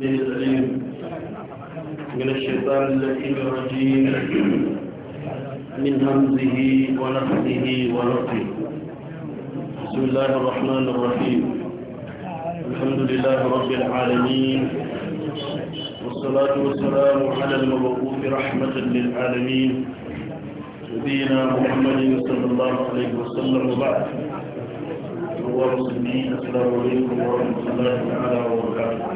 من الشيطان اللئيم الرجيم من همزه ونفسه ونفسه بسم الله الرحمن الرحيم الحمد لله رب العالمين والصلاة والسلام على المبعوث رحمة للعالمين نبينا محمد صلى الله عليه وسلم وبعد هو مسلمين السلام عليكم ورحمة الله تعالى وبركاته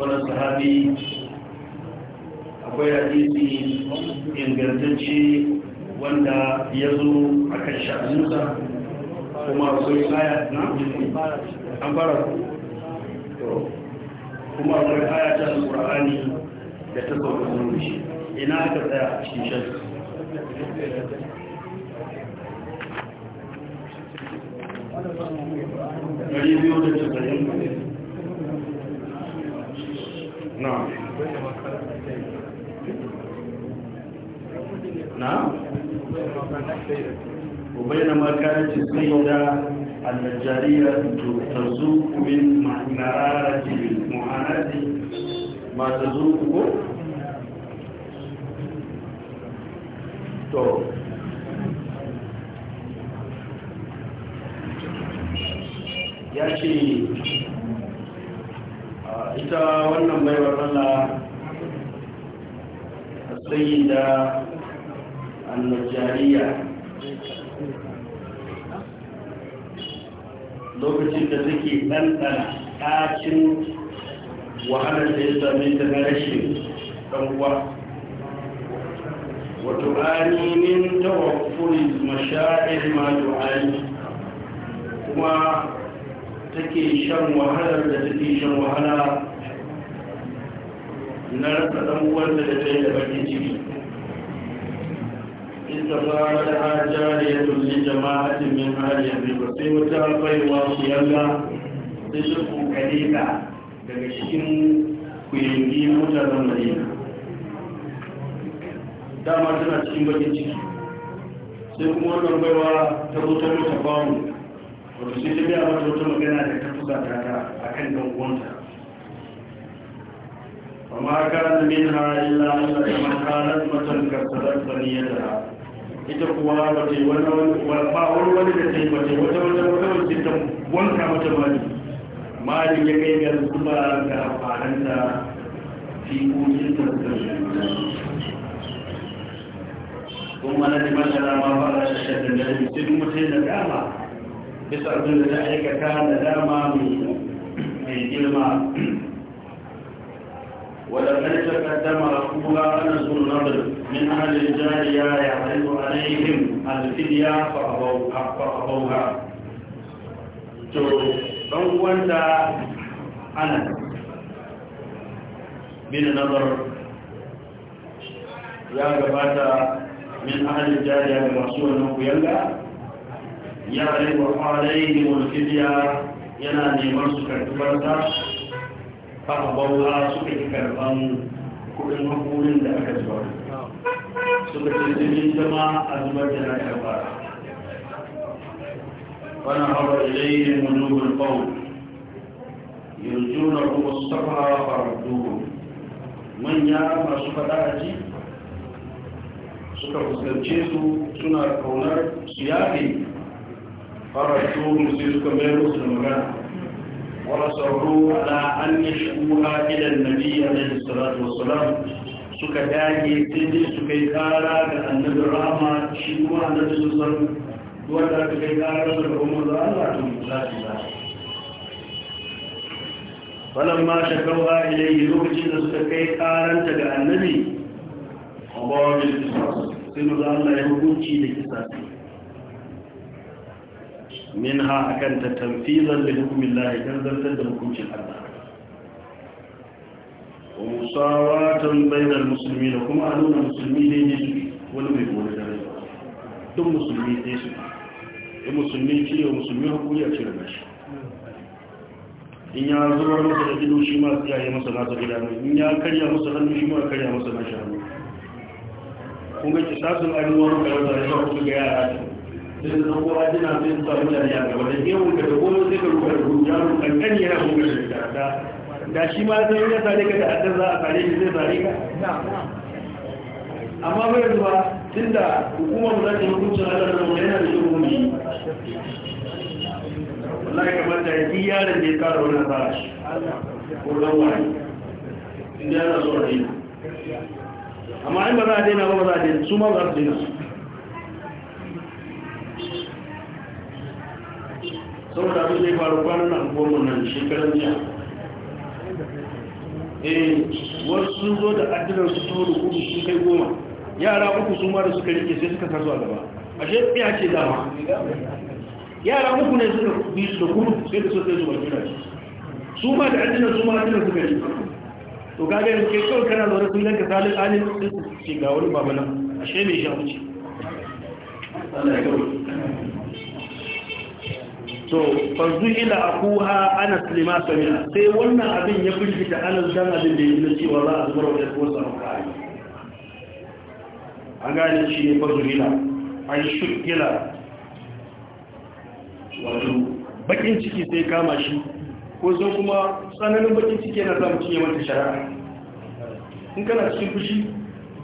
wani sahabi akwai hadisi ingantacce wanda ya zo a kan sha'aninsa kuma akwai aya na an fara kuma akwai aya ta alƙur'ani da ta sauka zuwa shi ina aka tsaya a cikin shan Dari biyu da cikin نعم نعم وبينما كانت السيدة النجارية تزوق من معارة المعاناة ما تزوقه تو يا شيخ ita wannan baiwar Allah da annajariya lokacin da suke ɗanɗana ɗakin wahalar da ya same ta na rashin ɗanwa wato ainihin tawaffuri mashaɗin ma kuma take shan wahalar da take shan wahala na rasa ɗan wanda da ta yi da bakin ciki ita ba da hajjara ya tulli jama'atin min hajjar ba sai wata baiwa shi yalla sai su kokare ka daga cikin kuyangi mutanen madina dama tana cikin bakin ciki sai kuma wannan baiwa ta zo ta mutu famu. wato shi ta biya wata wata magana da ta fusa ta ta a kan dangonta amma kana min ha illa illa kama kanat matan kasarar saniyata ita kuwa ba ta yi wani wani wani da ta yi ba ta wata wata wata wata ta wanka mata mali mali ya kai ga zuba ga da fiƙoƙin tattalin kuma na ji masana ma fara da shaɗin da ya ce duk mutum da dama bisa abin da na aikata da dama mai girma ولقد تقدم رسولها انس بن نضر من اهل الجاريه يعرض عليهم الفديه فابوها to ɗan uwanta ana bin nazar ya gabata min ahalin jariya da masu wannan kuyanga ya riba kwalai da mulkidiya yana neman su karɓarsa fa'abawa suka fi karfan kudin hakurin da aka zuwa suka ce jirgin zama a zubar da na karfa wani hawa ilayin manubin bau yanzu na kuma safa faruwa manya masu faɗa a ji suka fuskance su suna kaunar su yafe فرسول سيسكم يرسل ورسلوا على أن يشكوها إلى النبي عليه Salatu Wasalam suka dage tindin su kai kara ga annabi rama shi kuma annabi sun san wanda aka kai kara su ga umar da Allah to za su da falan ma lokacin da suka kai karanta ga annabi Allah ya hukunci da kisa منها أكنت da لحكم الله كنزل تدمكم في الأرض ومساواة بين المسلمين كما أنون المسلمين يجب ولم يكون ذلك دم مسلمين يجب المسلمين شيء ومسلمين هو يأتي المشي in ya zubar masa da ido shi ma tsiyaye masa nasa idanu in ya karya masa hannu shi ma karya masa nashi hannu kun ga kisasun ainihin wani karanta ya sa kuka ga yara sai zan kowa jina sai jari a gaba da yau da da goma sai ka rubuta da rubuta yaro kankan yana buga da da shi ma sai ya sare ka da addan za a sare shi zai sare ka amma bai zuwa da hukumar za ta yi hukuncin Allah da mu yana da shi hukumi wallahi kamar da yi yaron da ya kara wani shi ko dan wani inda yana so a daina amma in ba za a daina ba ba za a daina su ma za su daina saboda abin da ya faru kwanan nan goma nan shekaran jiya eh wasu sun zo da adinar su tuwo da kudu sun kai goma yara uku sun mara da suka rike sai suka taso a gaba ashe ya ce dama yara uku ne suka bi su da kudu sai da su sai su ba jira su ma da adinar su mara addinar suka rike to gaga yanzu ke kawai kana zaune sun yanka salin alin sai su ce ga wani babana ashe mai sha wuce to fanzu ila akuha ana slima samia sai wannan abin ya firgita anas dan abin da yake cewa za a zubar wa ko sa kai an gane shi ne farzu ila an shukila wato bakin ciki sai kama shi ko zo kuma tsananin bakin ciki yana samun cinye mata shari'a in kana cikin fushi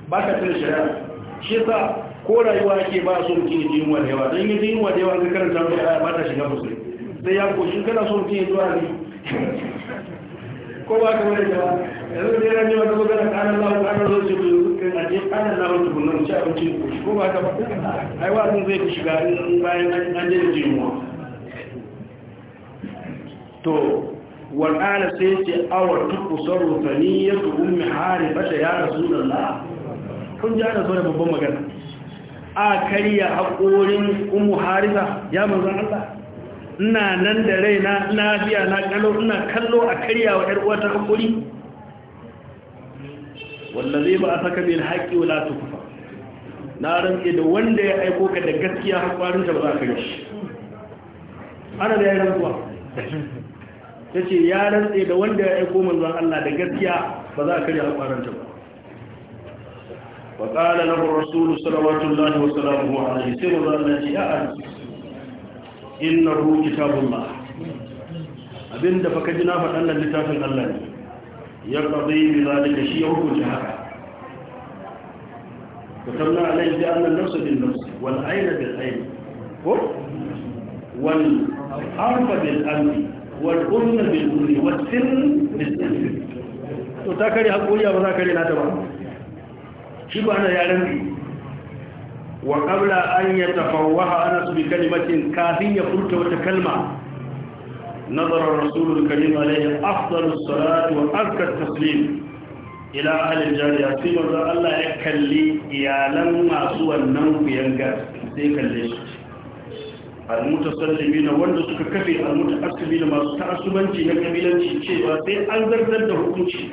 ba ka tuna shari'a shi sa ko rayuwa yake ba so mutum ya ji yunwa da yawa don yin yunwa da yawa ga karanta mai aya ba ta shiga musulmi sai ya koshi kana so mutum zuwa ne ko ba ka wani jawa yanzu da yana jawa ko gana kanan lawo kanan zo ce ku kan aje kanan lawo tukun nan ci abinci koshi ko ba ka ba ai sun zai ku shiga bayan an je jimuwa to sai ce awar tukku ya tukun mai hari ya rasu da la kun ji ana babban magana a karya haƙorin umu harisa ya manzan Allah ina nan da rai na lafiya na kallo ina kallo a karya wa ƴar uwata Wanda zai ba a saka bil wa wala kufa. na rantse da wanda ya aiko ka da gaskiya hakwarin ta ba za ka yi shi ana da yaran kuwa ce ya rantse da wanda ya aiko manzon Allah da gaskiya ba za ka yi hakwarin ta ba وقال له الرسول صلى الله alaihi وسلم عليه سيما الله يا أنس Inna innahu kitabullah abinda baka ji na faɗan nan littafin Allah ne ya qadi bi da shi ya hukunta haka katabna alayhi bi anna an-nafsa bin nafs wal aina bil aini ko wal arfa bil anfi wal unna bil unni wat sin bil sin to ta kare hakuri ba za kare na ta ba shi ba na yaran wa qabla an yatafawwaha anas bi kalimatin kafin ya furta wata kalma نظر الرسول الكريم عليه أفضل الصلاة وأزكى التسليم ila ahalin jariya sai manzo Allah ya kalli iyalan masu wannan kuyanga sai kalle su almutasallimi na wanda suka kafe almutaasibi na masu ta'assubanci na kabilanci cewa sai an zartar da hukunci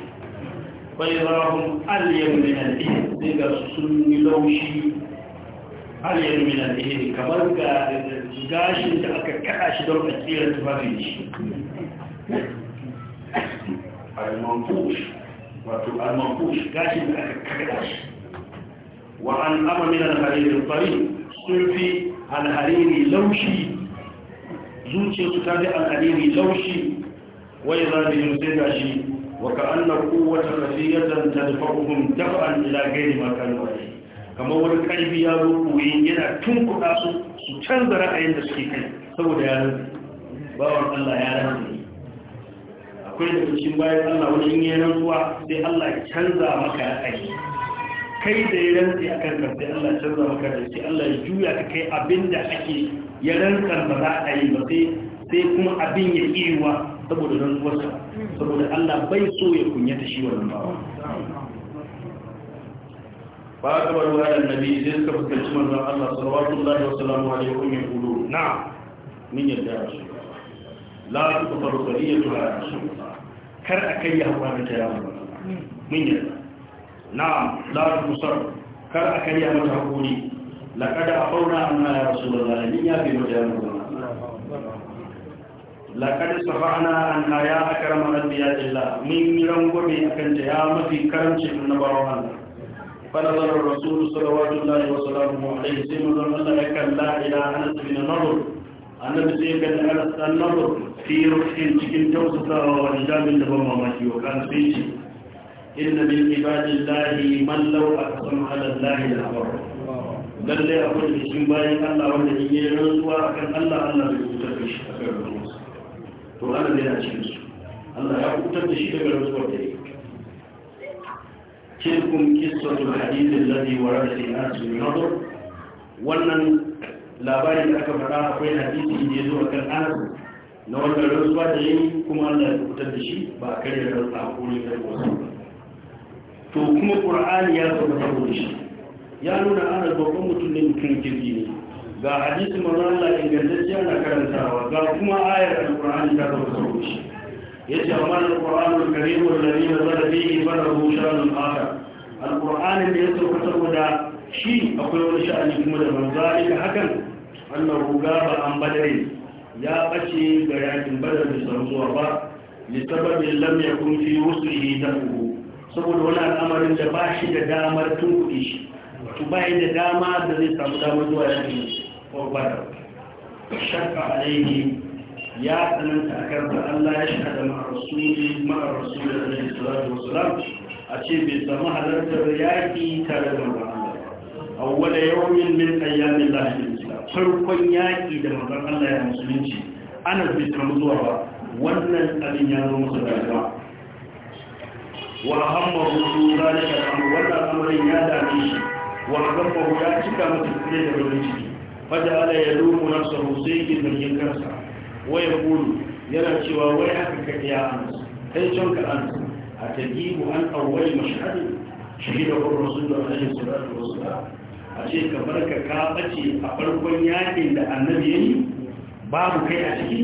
bai rahun alyan min al'in sai ga sun yi laushi هل يمن الهيد كبرك زجاج انت اكد كحاش دول اجيال تفافيش المنفوش المنفوش زجاج انت اكد كحاش وعن امر من الهريري الطريق سلفي الهريري لوشي زوجي ستابع الهريري لوشي وإضاء بهم زجاجي وكأن القوة خفية تدفعهم دفعا إلى غير ما كانوا عليه kamar wani karfi ya zo koyi yana tun kuɗa su su canza ra'ayin da suke kai saboda ya rantsi bawan Allah ya rantsi akwai da cikin bayan Allah wani in yi rantsuwa sai Allah ya canza maka ra'ayi kai da ya rantsi a kan sai Allah ya canza maka da shi Allah ya juya ka kai abin da ake ya rantsar ba za a ba sai sai kuma abin ya iya saboda rantsuwarsa saboda Allah bai so ya kunyata shi wannan bawa ba ka baro ga annabi idan suka fuskanci manzon Allah sallallahu alaihi wasallam wa alaihi ummi qulu na min yadda ya shi la ku faru sariyatu ala shi kar akai ya hawa ta yawa hmm. min yadda na la ku sar kar akai ya mata hakuri laqad afauna amma ya rasulullah min ya bi mutayan laqad safa'na anna ya akrama anbiya illah min rangobe akan ta ya mafi karamcin annabawan Allah فنظر الرسول صلوات الله وسلامه عليه سيما أن لك لا إلى أنس بن نظر أن سيك النظر في روح تكن توسطا ورجال لهم ماشي وكان فيه إن من عباد الله من لو أقسم على الله لأبر lalle akwai da cikin bayan Allah wanda in yi rantsuwa akan Allah Allah bai kutar da shi akan rantsuwa to ana zai na cikin su Allah ya kutar da shi daga tilkum qissatul hadith alladhi warada fi asr nadr wannan labarin da aka faɗa akwai hadisi ne zuwa kan Anas na wannan rantsuwa da yayi kuma Allah ya fitar da shi ba a kare rantsa ko ne da wasu to kuma Qur'ani ya saboda da shi ya nuna ana babban mutum ne mutum kirki ne ga hadisi manzo Allah ingantacciya na karantawa ga kuma ayar da qurani ta saboda da shi يجعل القرآن الكريم الذي نزل فيه فله شأن آخر القرآن اللي يسوق تقول شيء أقول شأن كمدة من ذلك حكم أنه غاب عن بدر يا بشي غياك بدر بسرسوة با لسبب لم يكن في وسعه دفعه saboda wani al'amarin da ba shi da damar tun kuɗi shi to ba da dama da zai samu damar zuwa yankin ko ba da shakka alaihi ya tsananta a karfa Allah ya shaɗa ma'arasuli ma'arasuli da alaihi salatu wasalam a ce bai sami halartar yaƙi tare da manzon Allah awwala yawmin min ayyamin lahi farkon yaƙi da manzon Allah ya musulunci ana bai samu zuwa ba wannan abin ya zo masa rayuwa wa hamma rusu zalika al'amr wannan al'amarin ya dame shi wa hamma ya cika masa kire da rubuci faja'ala yalumu nafsahu sayyidan kansa. waya bulu yana cewa wai haka ka iya amsa kai can ka amsa a tajibu an awwal mashhad shahida ur da alaihi salatu wassalam a ce ka barka ka bace a farkon yakin da annabi ya yi? babu kai a ciki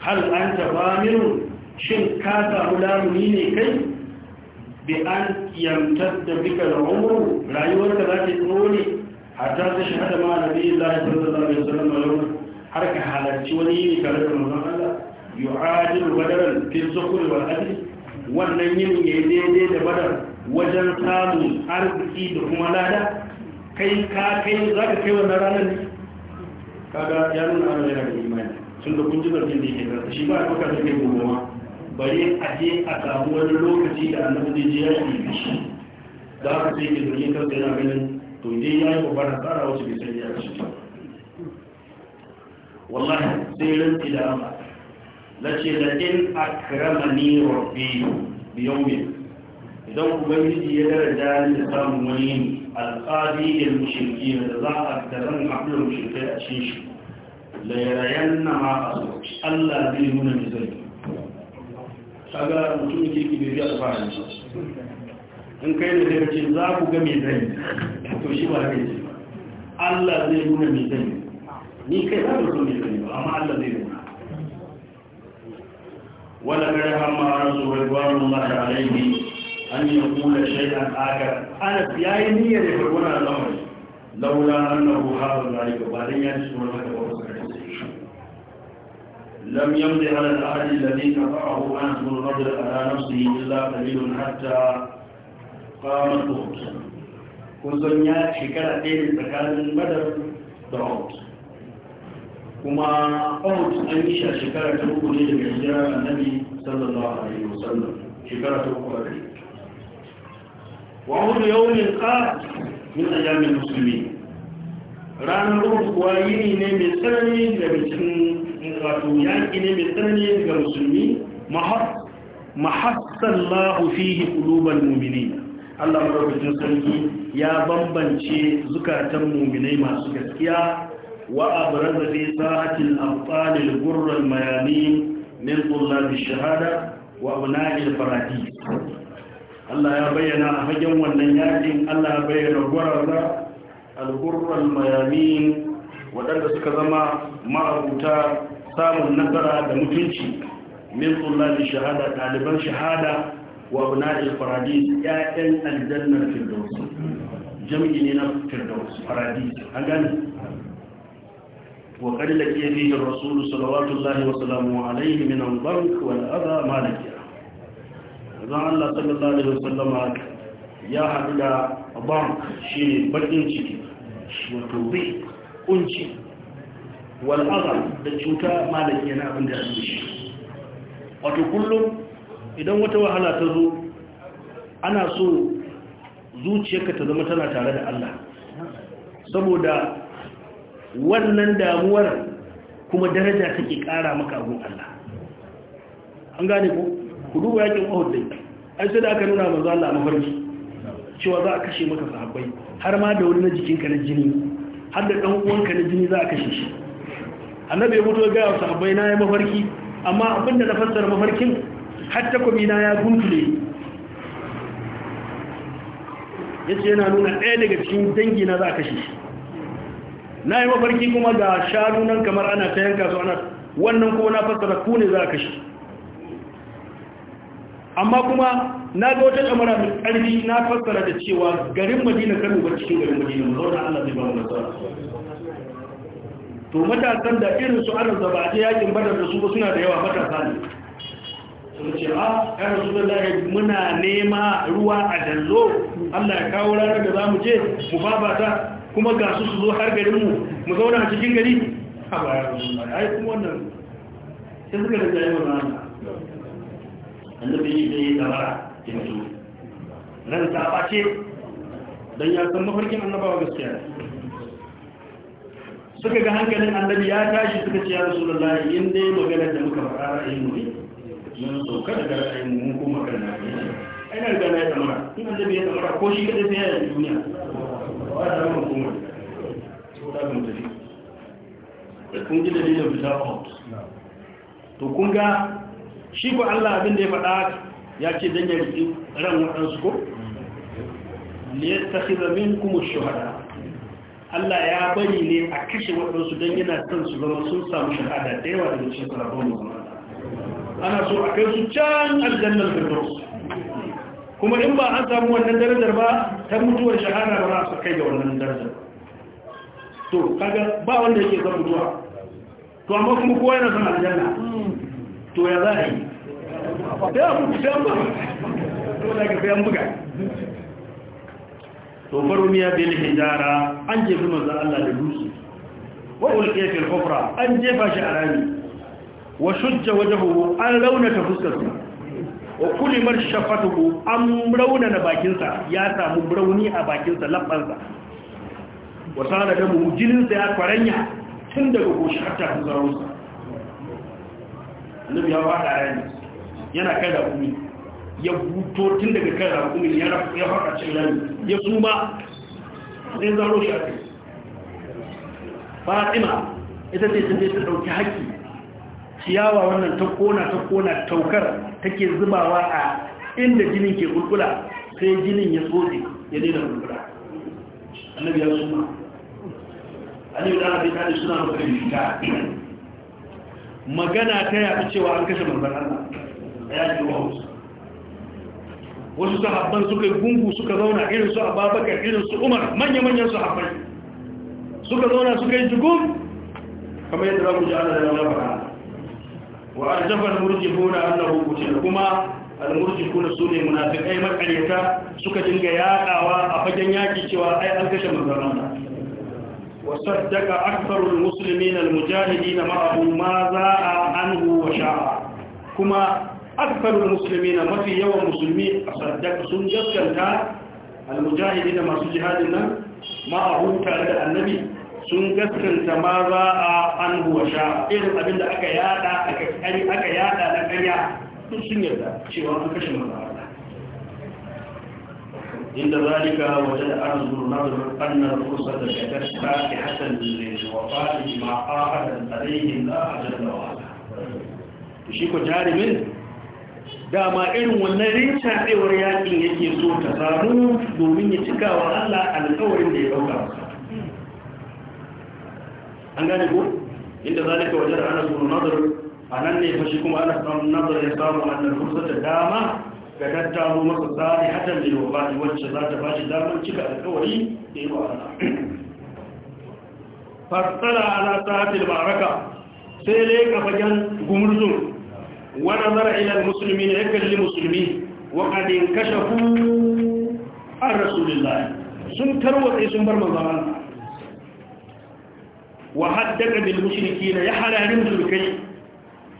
hal anta famirun shin ka samu lamuni ne kai bi an yamtar da bika da umru rayuwarka za ta tsoro ne hatta ta shahada ma nabi Allah sallallahu alaihi wasallam har ka halarci wani yini tare da manzon Allah yu'adil badaran fi zukur wal adl wannan yini ne daidai da badar wajen samun arziki da kuma lada kai ka kai za ka kai wannan ranar ne kaga ya nuna ana yana da imani tun da kun ji zargin da yake zarta shi ba a kuka zai kai gobe ma bari a je a samu wani lokaci da annabi zai je ya yi shi da ka sai ke zargin kansa yana ganin to dai ya yi babbar hasara wacce bai sani a cikin والله سيلن إلى أما لكي لئن أكرمني ربي بيوم إذا أبنيت يدر جان لسام مليم القاضي المشركين لا أكترن قبل المشركين أشيش ليرين ما أصبح الله بيهون نزل شغل مطلوب كي كبير أفعل إن كان ذلك جزاك وقمي ذلك توشي الله زي هنا ميزاني ni kai ba da sun yi sani ba amma Allah zai nuna wala kare hamma rasu rigwarun lahi alaihi an yi kula shay'an akar ana yayi niyyar ya farko na al'amari laula annahu hadha zalika ba dan ya ci tsoron haka ba suka dace shi lam yamdi ala al-ahli alladhi qata'ahu an tul qadr ala nafsihi illa qalilun hatta qamat kun san ya shekara ɗaya tsakanin madar da hot kuma kawai an yi shi a shekara ta uku ne daga a nabi sallallahu alaihi wasallam shekara ta uku a wani wa hudu yawmin qat min ayyamin musulmi. ranar uhud kuwa yini ne mai tsanani daga cikin wato yaƙi ne mai tsanani ga musulmi mahassallahu fihi ƙuluban mu'minin Allah madaukakin sarki ya bambance zukatan mu'minai masu gaskiya وأبرز في ساعة الأبطال الغر الميامين من طلاب الشهادة وأبناء الفراديس الله يا بينا أفجم والنياتين الله يا غرر الغر الميامين waɗanda suka zama ma'abuta samun nasara da mutunci min tsullabi shahada ɗaliban shahada wa bunadil faradis ƴaƴan aljannar firdaus jam'i ne na firdaus faradis وقد لقي فيه الرسول صلوات الله وسلامه عليه من الضرق والأذى ما لقي zan Allah sallallahu alaihi wasallama ya haɗu da bank shi ne baƙin ciki wato bai kunci wal'azar da cuta malaki yana abin da ya shi wato kullum idan wata wahala ta zo ana so zuciyarka ta zama tana tare da Allah saboda wannan damuwar kuma daraja take kara maka abun Allah an gane ko ku duba yakin Uhud dai ai sai da aka nuna manzo Allah mafarki cewa za a kashe maka sahabbai har ma da wani na jikinka na jini har da dan uwanka na jini za a kashe shi annabi ya fito ga sahabbai na yi mafarki amma abin da na fassara mafarkin har takobi na ya guntule yace yana nuna ɗaya daga cikin dangi na za a kashe shi na yi mafarki kuma ga shanu nan kamar ana ta yanka su ana wannan kuma na fassara ku ne za a kashe amma kuma na ga wata kamara mai ƙarfi na fassara da cewa garin madina kan ba cikin garin madina mu zauna allah zai ba mu nasara to matasan da irin su zaba a je yakin badar da su ba suna da yawa matasa ne sun ce a ah, ya rasu da muna nema ruwa a dallo allah ya kawo ranar da za mu je mu ta kuma ga su su zo har garinmu mu zauna a cikin gari a bayan wannan. ai kuma wannan sai suka da jayi mana annabi ne ya ta face dan ya san mafarkin annabawa gaskiya suka ga hankalin annabi ya tashi suka ce ya rasulullah inda ya magana da muka fara ra'ayin mu ne mun sauka daga ra'ayin mu mun koma kan na ai na riga na ya tsamara in annabi ya tsamara ko shi kadai sai ya yi duniya ba da da kun ji dalilin to kun ga shi Allah abin da ya faɗa ya ce dan ya riki ran waɗansu ko liyattakhidha minkum kuma shahada Allah ya bari ne a kashe waɗansu don yana son su zama sun samu shahada da yawa daga cikin sarrafa mu ana so a kai su can aljannar firdaus kuma in ba an samu wannan darajar ba ta mutuwar shahara ba za su kai da wannan daraja to kaga ba wanda yake zan mutuwa to amma kuma kowa yana son aljanna to ya za a yi da ya mutu sai an ba to da ka sai an buga to faru farumiya bil hijara an jefi manzan Allah da dutse wa ulqiya fil hufra an jefa shi a rami wa shujja wajhuhu an launa launata fuskarsa wa kulimar shafatuhu an raunana bakinsa ya samu rauni a bakinsa labbansa wa sana da mu mujininsa ya kwaranya tun daga goshi hatta hanzarunsa annabi ya fada rani yana kai da kumi ya buto tun daga kai da kumi ya fada cikin rani ya suma sai zaro shi a kai fatima ita ce ta ce ta ɗauki haƙƙi ciyawa wannan ta kona ta kona taukar take zubawa a inda jinin ke kulkula sai jinin ya tsotse ya daina kulkula annabi ya ma. annabi da Allah ta kada suna maka fita magana ta yafi cewa an kashe manzon Allah ya hausa. wasu wasu sahabban suka yi gungu suka zauna irin su babakar irin su Umar manya-manyan su sahabbai suka zauna suka yi jigum kamar yadda za ku ji ana da labarai wa arjafa al-murjifuna annahu qutila kuma al-murjifuna sune munafiqai makareta suka dinga yaɗawa a fagen yaki cewa ai an kashe manzon Allah wa saddaqa aktharu al-muslimin al-mujahidin ma'ahu ma za'a anhu wa sha'a kuma aktharu al-muslimin mafi yawan musulmi saddaqa sun gaskanta al masu jihadin nan ma'ahu tare da annabi sun gaskanta ma za a an huwa sha irin abin da aka yada aka kari aka yada na karya sun sun yarda cewa an kashe maza Allah inda zalika waje da an zuru na zuru annar kusa da ga gaska ke hasan da wa fadi ma ahadan alaihi la ajalla wa to shi ko jarumin dama irin wannan rinsa tsewar yakin yake so ta samu domin ya cika wa Allah alƙawarin da ya dauka أنا نقول إن ذلك وجر أنا سون نظر أنا اللي فشكم أنا سون نظر يسام أن الفرصة الدامة فقد تعلو مصر ذاري حتى من الوفاة وجه ذات فاشي دامة تشكى الكوري إيه وعلا فاطلع على ساعة المعركة سيليك فجن قمرزون ونظر إلى المسلمين أكل المسلمين وقد انكشفوا الرسول الله سنكروا إيه سنبر من ظلالنا وحدك بالمشركين يحلى لمشركين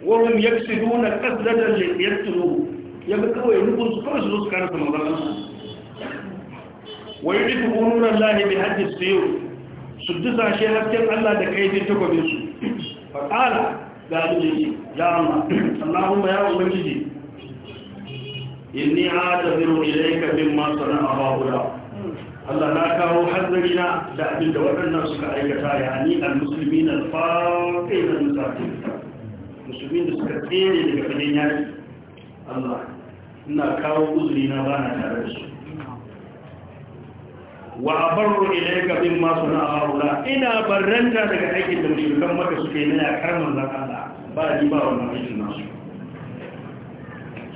وهم يكسدون قصدة يقتلوه يبقى وينبذ كل سلوس كانت المظلمة ويعرفوا نور الله بهد السيوف سدس عشان أبتل الله دكيد تكو بيسو فقال قالوا لي يا الله اللهم يا أمجدي إني عاذر إليك مما صنع هؤلاء الله لا كاو حذرنا لا عند وعدنا سكا أيكتا يعني المسلمين الفاقين المساكين المسلمين السكتين اللي بفدين يعني الله لا كاو أذرنا بانا تارس وعبروا إليك بما صنع هؤلاء إنا برنجا لك أي تمشي لكم وكسكي من أكرم الله تعالى بعد ما هو الناس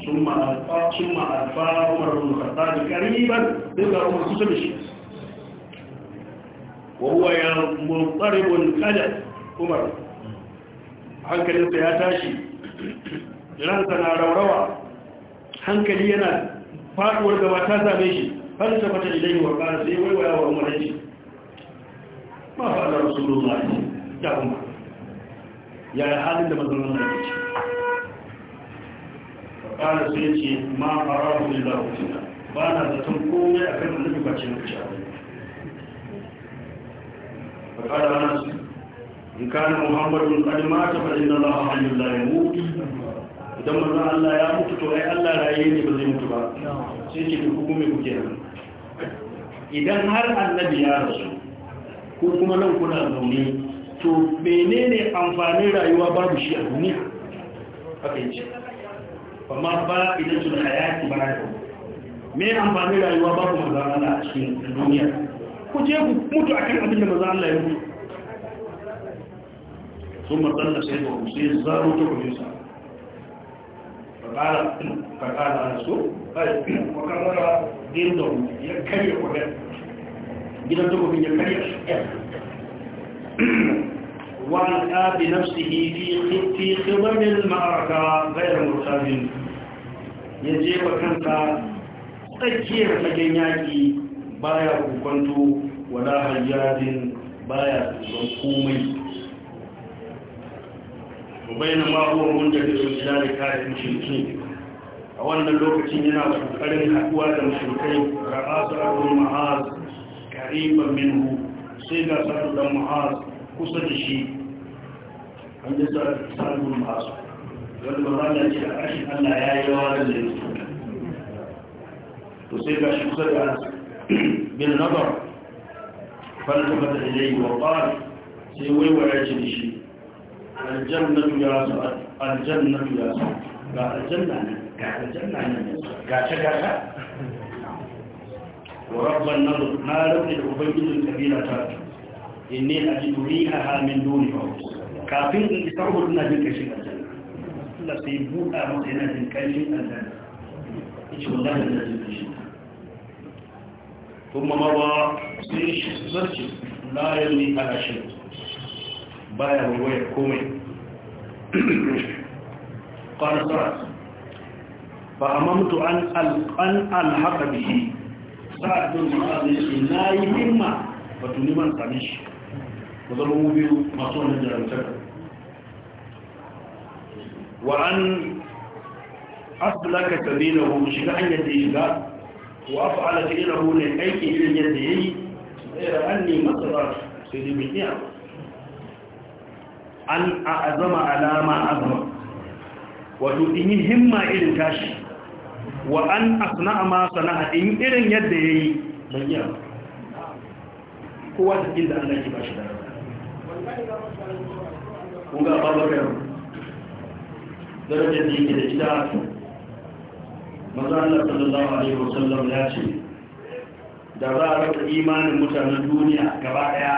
ثم ألقى ثم ألقى عمر بن الخطاب قريبا ذكر عمر كتب الشيء وهو مضطرب القلب عمر hankalinsa ya tashi ransa na raurawa hankali yana faduwar gaba ta same shi har ta fata ilai wa kana sai waiwaya wa umar shi ma fa Allah rasulullahi ya umar ya halin da manzon ce ƙara su yace ma farahu illa husna ba na zaton komai akan annabi ba ce muke abu fa qala anas in kana muhammadun qad mata fa inna allaha hayyun la yamut idan manzo Allah ya mutu to ai Allah raye ne ba zai mutu ba sai ce ku kuma ku kenan idan har annabi ya rasu ko kuma nan kuna zaune to menene amfanin rayuwa babu shi a duniya haka yace pamoja ina chuo na yake baraka mimi amfanye la yuwa babu mazana na shini dunia kuje mtu akili abinda mazana la yuwa ثم قال سيدنا حسين زاروا تقول يسا فقال فقال انا سو هاي وكمرا دين دوم يكري وكت جدا تقول من يكري وعلى بنفسه في خطي خضم المعركة غير مرتاح ya jefa kansa tsakiyar fagen yaƙi ya kokonto wala hajjajin ya tsoron komai bayan ma huwa wanda ke sun gida da kayan mushrikin a wannan lokacin yana kokarin haɗuwa da mushrikai ra'asu abdul ma'az qariban minhu sai ga sa'ad da ma'az kusa da shi an yi sa'ad da ma'az wani mamala ce a ƙashin allah ya yi yawa da zai to sai ga shi kusa da bin nazar falta mata da yayi wa ƙwari sai waiwaya ce da shi aljannatu ya su aljannatu ya su ga aljanna ne ga aljanna ne ga ta gata ورب النظر ما لقد أبيض الكبيرة تاتي إني أجد ريحها من دون فوز كافين إستعبد النبي كشيئا Allah sai buɗa masa yana jin ƙarshen aljanna yace da ina jin ƙarshen kuma ma ba sai shi zarce la yalni ala shay baya waya komai qala sarat fa amamtu an al an al haqa bihi sa'd bin mu'adh yace nayi himma tuni man sami shi ko zama mu biyu masu Wa'an an aslaka sabilahu mu shiga hanyar da shiga wa af'ala fi'lahu ne aikin irin yadda yayi tsira anni masara sai da biya an azama alama azama wato in yi himma irin tashi wa'an an asna'a ma sana'a in irin yadda yayi ban yi kowa da inda Allah ya ba shi da kun ga babu kai darajar da yake da ita maza Allah sallallahu alaihi wasallam ya ce da za a rasa imanin mutanen duniya gaba daya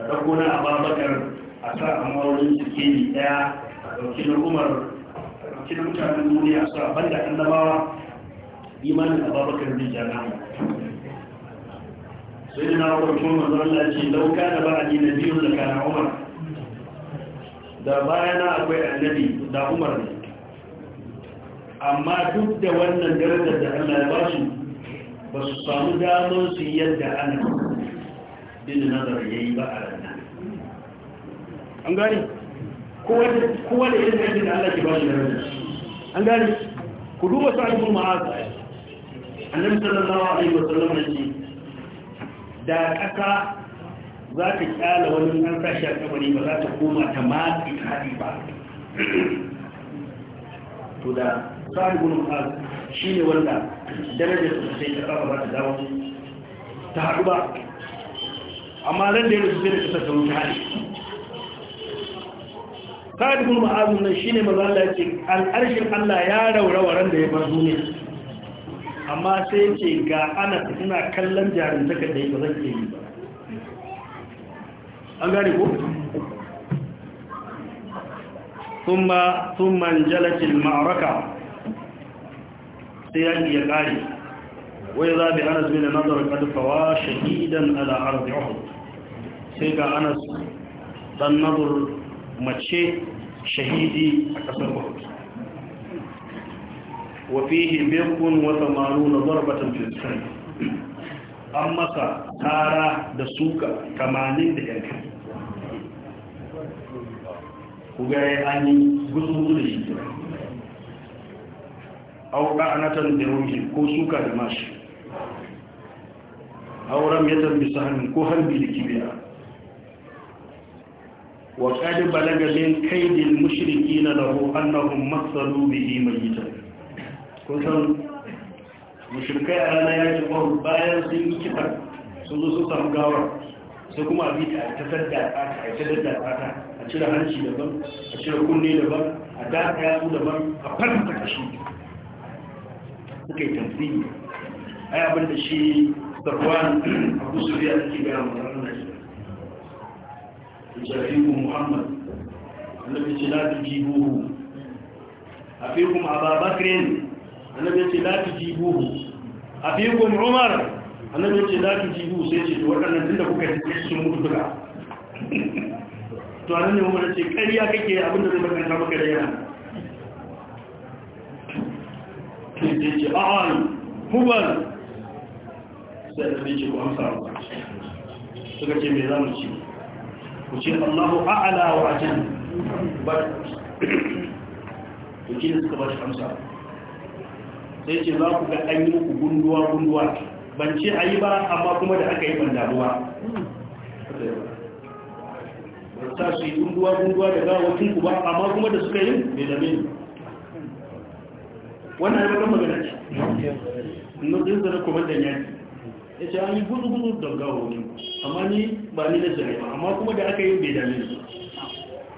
a ɗauko na ababakar a sa a maurin ne daya a ɗauki na umar a ɗauki na mutanen duniya su a banda annabawa imanin ababakar zai jana sai da na wakon kuma maza Allah ce lauka da ba a na biyu da kana umar da bayana akwai annabi da umar ne amma duk da wannan darajar da allah ya bashi ba su samu damar su yadda ana din nazar ya yi ba a ranar an gani kowa da irin aikin da allah ke bashi darajar an gani ku duba su alifin ma'aza annabi sallallahu alaihi wasallam ne da ƙasa za ta kyala wani an sashi a kamari ba za ta koma ta matsi ta ba to da sa'ad gudun ƙasa shi ne wanda darajar sai ta ƙasa ba ta dawo ta haɗu ba amma ran da ya rasu sai da ƙasa ta wuce haɗi sa'ad gudun ma'azun nan shi ne mazala ya ce al'arshin allah ya raurawa ran da ya bar duniya amma sai ce ga ana suna kallon jarin takardai ba zan ke yi ba ثم ثم انجلت المعركة سيان يقال وإذا بأنس من نظر قد فوا شهيدا على أرض عهد سيقى أنس تنظر مجشي شهيدي أكثر عهد وفيه بيق وثمانون ضربة في السنة أمسا سارة دسوكا كمانين بيانكم ku ga an yi gutsu da shi au ƙa'anatan da rumhi ko suka da mashi auren ya tambi sahanin ko harbi da kibiya wa ƙadi balaga min kaidin mushriki na lahu annahum matsalu bihi mayyita kun san mushrikai a ranar yaji ƙwar bayan sun yi kifa sun zo sun samu gawar sai kuma a bi ta ta dadda ta ta ta ta a cire hanci daban a cire kunne daban a daɗa yatsu daban a farfata shi. suka yi tamfiri ai abin da shi sarwan abu suriya take gaya wa ranar jafiku muhammad annabi ce za ji buhu. A la tujibuhu afikum ababakrin annabi ce za ji buhu. A tujibuhu afikum umar annabi ce za ji buhu sai ce to waɗannan tunda kuka ji sun mutu duka to a nan ne umar ce ƙarya kake abinda zai makanta maka da yana ke ce a'an hubal sai da ce ku amsa wa suka ce mai mu ci ku ce allahu a'ala wa ajin ba ku ce da suka ba shi amsa sai ce za ku ga an yi gunduwa gunduwa ban ce a yi ba amma kuma da aka yi ban damuwa sa su yi gunduwa-gunduwa da gawakin ku ba amma kuma da suka yi mai zame ne wannan ya maka magana ce na zai zara kwamandan yaki ya ce an yi gudu-gudu da gawakin amma ni ba ni da zare ba amma kuma da aka yi mai zame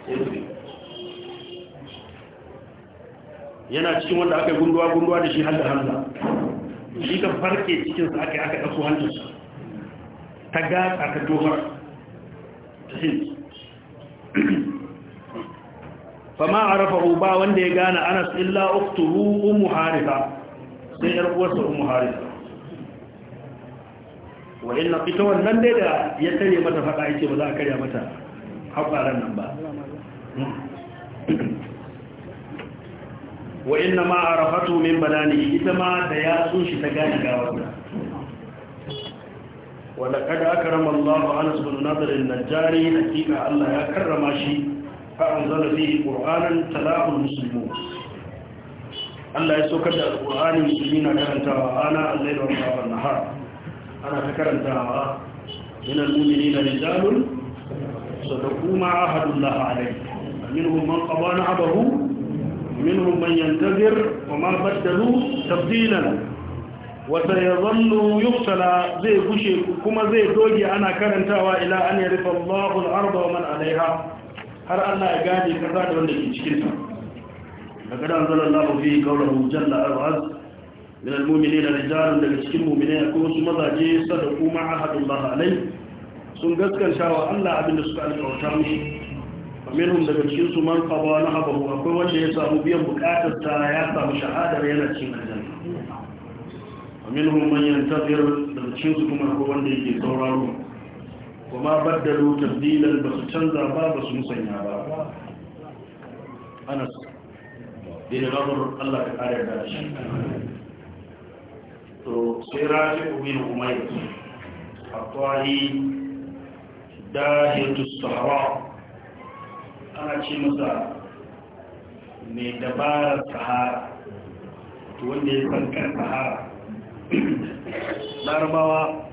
ne yana cikin wanda aka yi gunduwa-gunduwa da shi halla halla shi ka farke cikinsa aka yi aka ɗauko hannunsa ta gatsa ta dohar ta hindi fama arafahu ba wanda ya gane anas illa uktuhu ummu harifa sai yar uwarsa ummu harifa wa inna ita wannan dai da ya tare mata fada yake ba za a karya mata haƙaran nan ba wa inna ma arafatu min balani ita ma da ya tsun shi ta gane gawarsa wanda da aka rama Allah wa Anas bin Nadir al-Najjari hakika Allah ya karrama shi fa anzala fihi Qur'anan talaqul muslimun Allah ya saukar da Alkur'ani musulmi na karantawa ana al-layl wa an ana ta karantawa min al-mu'minina rijalun sadaqu ma ahadullah alayhi minhum man qadana abahu minhum man yantazir wa ma badalu tabdilan wata ya zallu yuftala zai gushe kuma zai doge ana karantawa ila an yarifa Allahul arda wa man alaiha har Allah ya gane kasa da wanda ke cikin ta daga dan sallallahu fi qawlihi jalla azaz min almu'minin rijalun daga cikin mu'minai akwai wasu mazaje sada, kuma ma ahadullah alai sun gaskanta wa Allah abin da suka alƙawarta mishi minhum daga cikin su man na nahabahu akwai wanda ya samu biyan buƙatar ta ya samu shahadar yana cikin aljanna ومنهم من ينتظر بالشمس كما هو عندي سورارو وما بدلوا تبديلا بس تنزع بابا سمسينا بابا أنس بن غضر الله تعالى داش to sai rafi'u bin umayr داهية الصحراء أنا sahara ana ce masa mai dabarar sahara to wanda larabawa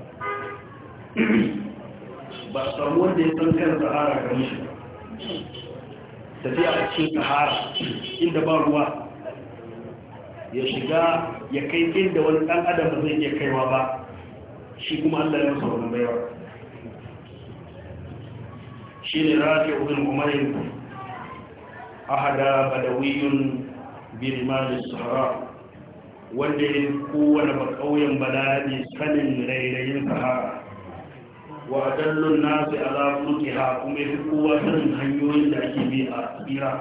ba su samu wanda ya san kan sahara kan tafiya a cikin sahara inda ba ruwa ya shiga ya kai inda wani ɗan adam zai iya kaiwa ba shi kuma allah ya masa wani baiwa shi ne rafi ubin umarin ahada badawiyun birmanin sahara wanda ya kowane bakauyen balarabe sanin rairayin sahara wa dallon nasu ala furkiha kuma ya kowa sanin hanyoyin da ake bi a tsira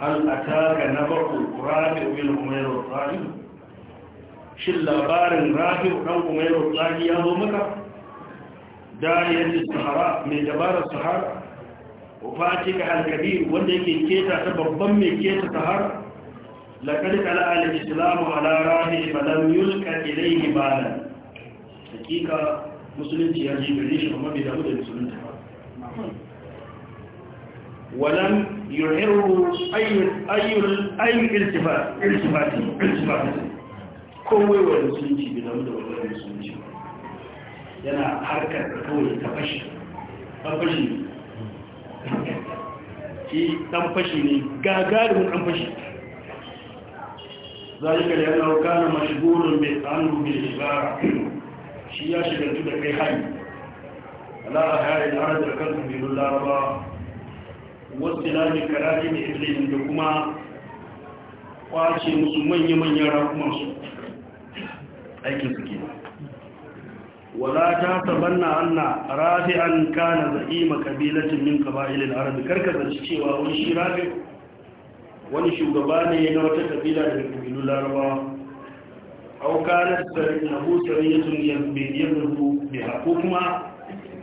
an a taka na bako rafi bin umaru tsari shin labarin rafi dan umaru tsari ya zo maka ji sahara mai dabarar sahara wa fatika al-kabir wanda yake keta ta babban mai keta sahara لقد قال الإسلام على راه فلم يلقى إليه بالا حقيقة مسلم يجي بريش وما بدأوا المسلم ولم يحره أي أي أي التفات التفات التفات كوي والمسلم بدأوا ولا المسلم yana harkar da kawai ta fashi ɗan fashi تفشي تفشي تفشي fashi ne ذلك لأنه كان مشغول عنه بالعبارة شيا da بكي حي لا أهالي الأرض الكلب من الله والسلام كلام إبليس kuma kwace musu manya-manyan rakumansu aikin su ke wala ta sabanna anna rafi'an kana za'ima kabilatin min qaba'ilil arab karkaza cewa wani shi rafi' wani shugaba ne na wata kabila da kabilu larabawa aukanar nahu sariyatun yabdu mai ko kuma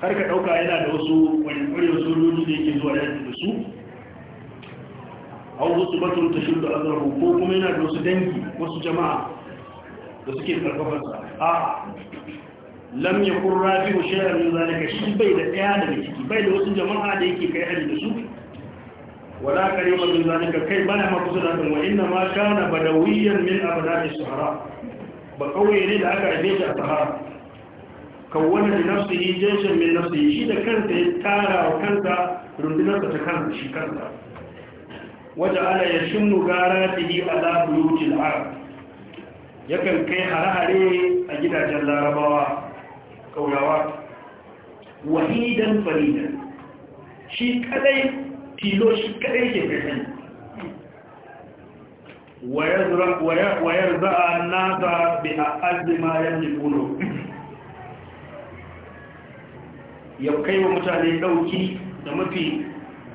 har ka dauka yana da wasu wani wasu sojoji da yake zuwa yaki da su au wasu batun ta da azarhu ko kuma yana da wasu dangi wasu jama'a da suke karfafarsa a lam ya kurra fi shayar min zalika shi bai da daya daga ciki bai da wasu jama'a da yake kai hari da su wala karima min zalika kai bana ma kusa da wa inna ma na badawiyan min abna'i sahara ba kauye ne da aka rabe shi a sahara kawwana da nafsihi jayshan min nafsihi shi da kanta ya tara wa kanta rundunar ta kanta shi kanta Wata ala yashunnu garatihi ala buyutil arab yakan kai hare-hare a gidajen larabawa kauyawa wahidan faridan shi kadai tilo shi kadai ke birni wayar za'a nasa bi a azima yan kuno ya kai wa mutane dauki da mafi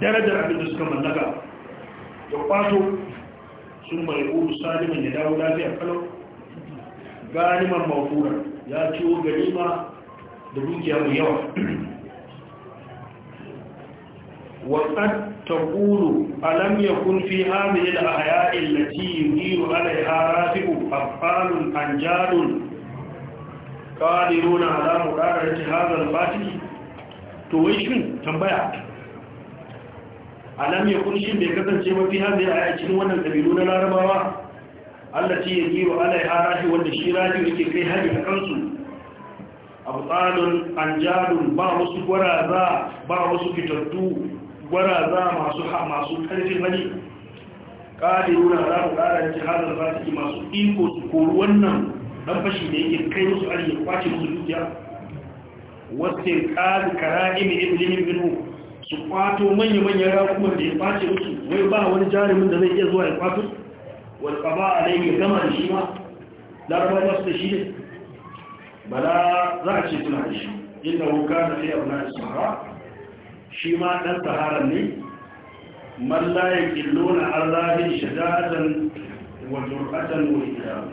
darajar abin da suka mallaka ya kwato sun mai uru salimin ya dawo lafiyar kalau ganiman mafura ya ciwo ganima da dukiya mai yawa وقد تقول ألم يكن في هذه الأحياء التي يدير عليها رافع أفقال أنجاد قادرون على مقارنة هذا الباطل تويشن تنبيع ألم يكن شيء بكثن سيما في هذه الأحياء شنونا الكبيرون الأربعة التي يدير عليها رافع والنشيرات وكي هذه الأنصر abtalun anjalun ba wasu gwaraza ba wasu fitattu gwaraza masu masu karfin hali ƙadiruna za ku ƙara da jihazar za ta yi masu iko su ko wannan ɗan fashi da yake kai musu ari kwace musu dukiya wasu ƙari kara imi ilimin binu su kwato manya-manyan kuma da ya kwace musu wai ba wani jarumin da zai iya zuwa ya kwato wani ƙaba a nai mai gama da shi ma larabar masu da shi ne bala za a ce suna da shi inda wuka da sai abu na ismara shi ma ɗan sahara ne malla ya ƙillo na arzahin shidatan wa jur'atan wa ikiramu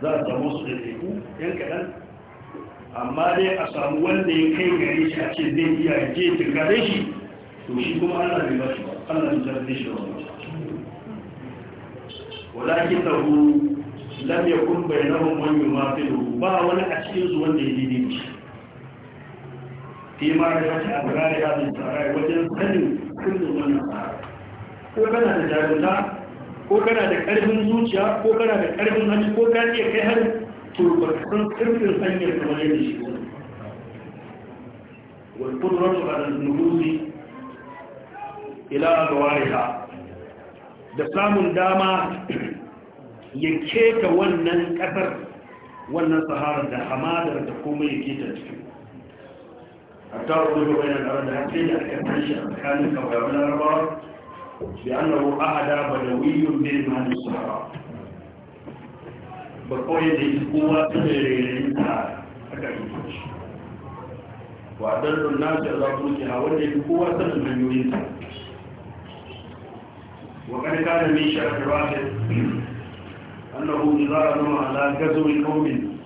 za a samu su da teku yan kaɗan amma dai a samu wanda ya kai gare shi a ce zai iya je gare shi to shi kuma allah bai ba shi ba allah bai zarfe shi ba walakin tahu lam yakun bainahum man yumafilu ba wani a cikin su wanda ya daidai shi fi ma da shi a gare ya zai tsara wajen sanin kullum wannan tsara ko kana da jarumta ko kana da ƙarfin zuciya ko kana da ƙarfin hannu ko ka iya kai har turbakon ƙarfin hanyar da wani yadda shi wani wani kudurar ba da ila ga da samun dama ya keta wannan ƙasar wannan saharar da hamadar da komai ya keta cikin حتى أرضيه بين الأرض حتى يتكتنش أتكان كوكب الأرباب بأنه أحدى بدوي من أهل الصحراء بقوية القوة تغيرينها أكاكيش وأدل الناس إلى طرقها وجه القوة تغيرينها وقد كان من شرط واحد أنه إذا أنه على غزو قوم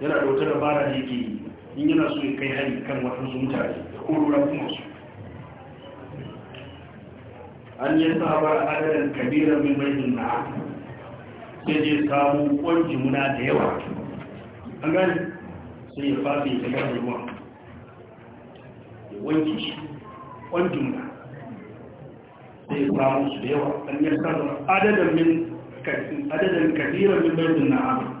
yana da wata dabara da yake yi in yana so ya kai hari kan waɗansu mutane da ƙorura kuma su an yi sabar adadin kabirar mai mai na sai je samu ƙwan jimuna da yawa an gani sai ya fafi ta gaba ruwa ya wanke shi ƙwan jimuna sai ya samu su da yawa an yi sabar adadin kabirar min mai na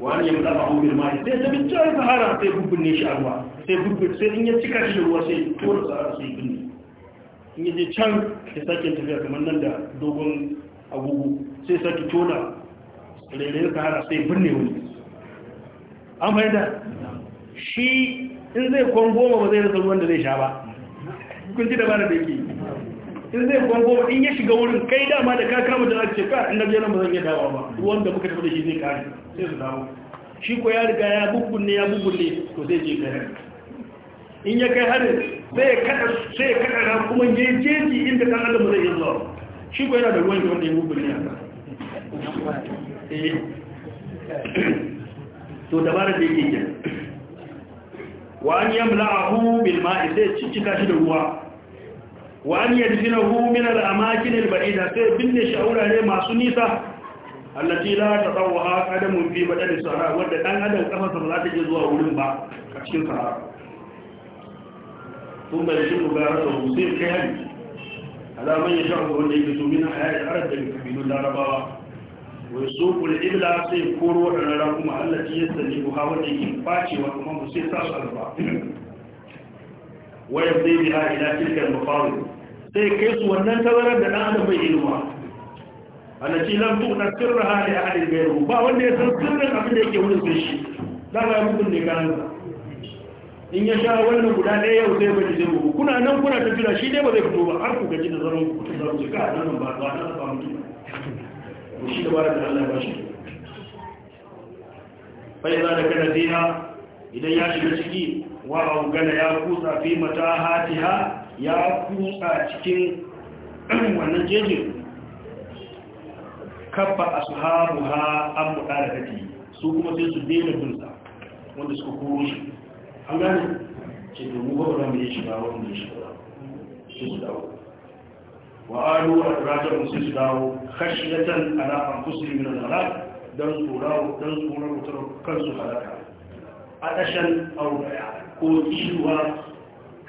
wani ya mutsa ma'u bil ma'i sai cewa ya sahara sai bubbune shi a ruwa sai bubbune sai in ya cika shi ruwa sai tura sahara sai binne in ya je can ya sake tafiya kamar nan da dogon agogo sai sake tona rairayin sahara sai binne wani an fahimta shi in zai kwan goma ba zai rasa ruwan da zai sha ba kun ci da ba da yake in zai gwangwa in ya shiga wurin kai dama da ka kama da ake ka inda gajeran ba zan iya dawa ba wanda muka tafi da shi zai kare sai su dawo shi ko ya riga ya bubbunne ya bubbunne to zai je kai in ya kai harin sai ya kada sai ya kada kuma je jeji inda kan Allah zai yi shi ko yana da ruwan wanda ya bubbunne ya eh. to to dabara da yake wa an yamla'ahu bil ma'i sai ciccika shi da ruwa wa an yadfinahu min al-amakin al-ba'ida sai binne shi a wurare masu nisa za allati la tatawwa qadamun fi badal sahara wanda ɗan adam kafarsa ba za ta ke zuwa wurin ba a cikin sahara kuma shi mu gara mugarata sai kai hali alaman ya sha ga wanda ya yake so min hayat arab da kabilun larabawa wai so kul ibla sai koro kuma wadannan ya sani yastani buha wanda yake bacewa kuma mu sai sa su alba ويمضي بها إلى cikin المخاوف sai kai su wannan tazarar da ɗan adam bai ilma alaci lam tuqna sirraha li ahadin ghayruhu ba wanda ya san sirrin abin da yake wurin sai shi da ba mutum ne kan in ya sha wannan guda ɗaya yau sai bai ji muku kuna nan kuna ta jira shi dai ba zai fito ba har ku gaji da zaron ku za ku ka nan ba ba na ba mutum to shi da baraka Allah ya bashi fa za da kana fiha idan ya shiga ciki wa augana ya kusa fi mata matahatiha ya kutsa cikin wannan jejin kafa a su habu ha an buɗa da kake su kuma sai su daina dunsa wanda suka koro shi an gane ce domin gwamnan mai shiga wanda ya shiga sai su dawo wa ado a turajen musu su dawo kashiyatan ala an kusuri min al-halak don tsoron tsoron kansu halaka a ɗashen auraya ko ciwa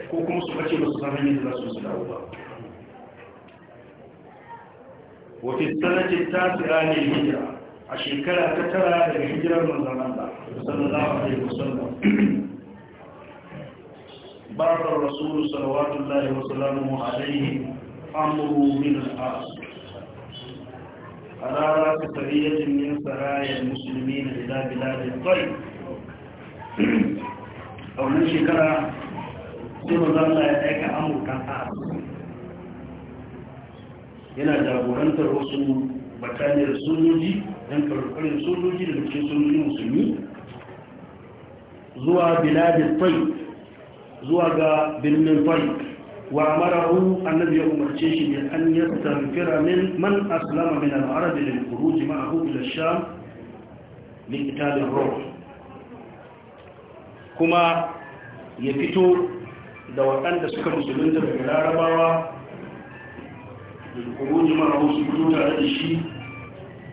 ko kuma su bace ba su san hanyar da za su dawo ba wafi sanati ta tsira ne hijira a shekara ta tara daga hijirar manzan Allah sallallahu alaihi wasallam بعث الرسول صلوات الله وسلامه عليه أمره من الأرض على رأس سرية من سرايا gida إلى بلاد A wannan شكرا sai manzo Allah ya aika amurkan a yana jagorantar wasu bataniyar sojoji don karɓarin sojoji da cikin sojoji musulmi zuwa biladin fai zuwa ga birnin fai wa marahu annabi ya umarce shi ne an tafira min man aslama min al-arabi lil khuruj ma'ahu ila sham min qital ar kuma ya fito da waɗanda suka musulunta daga larabawa da kuruji marahu su fito tare da shi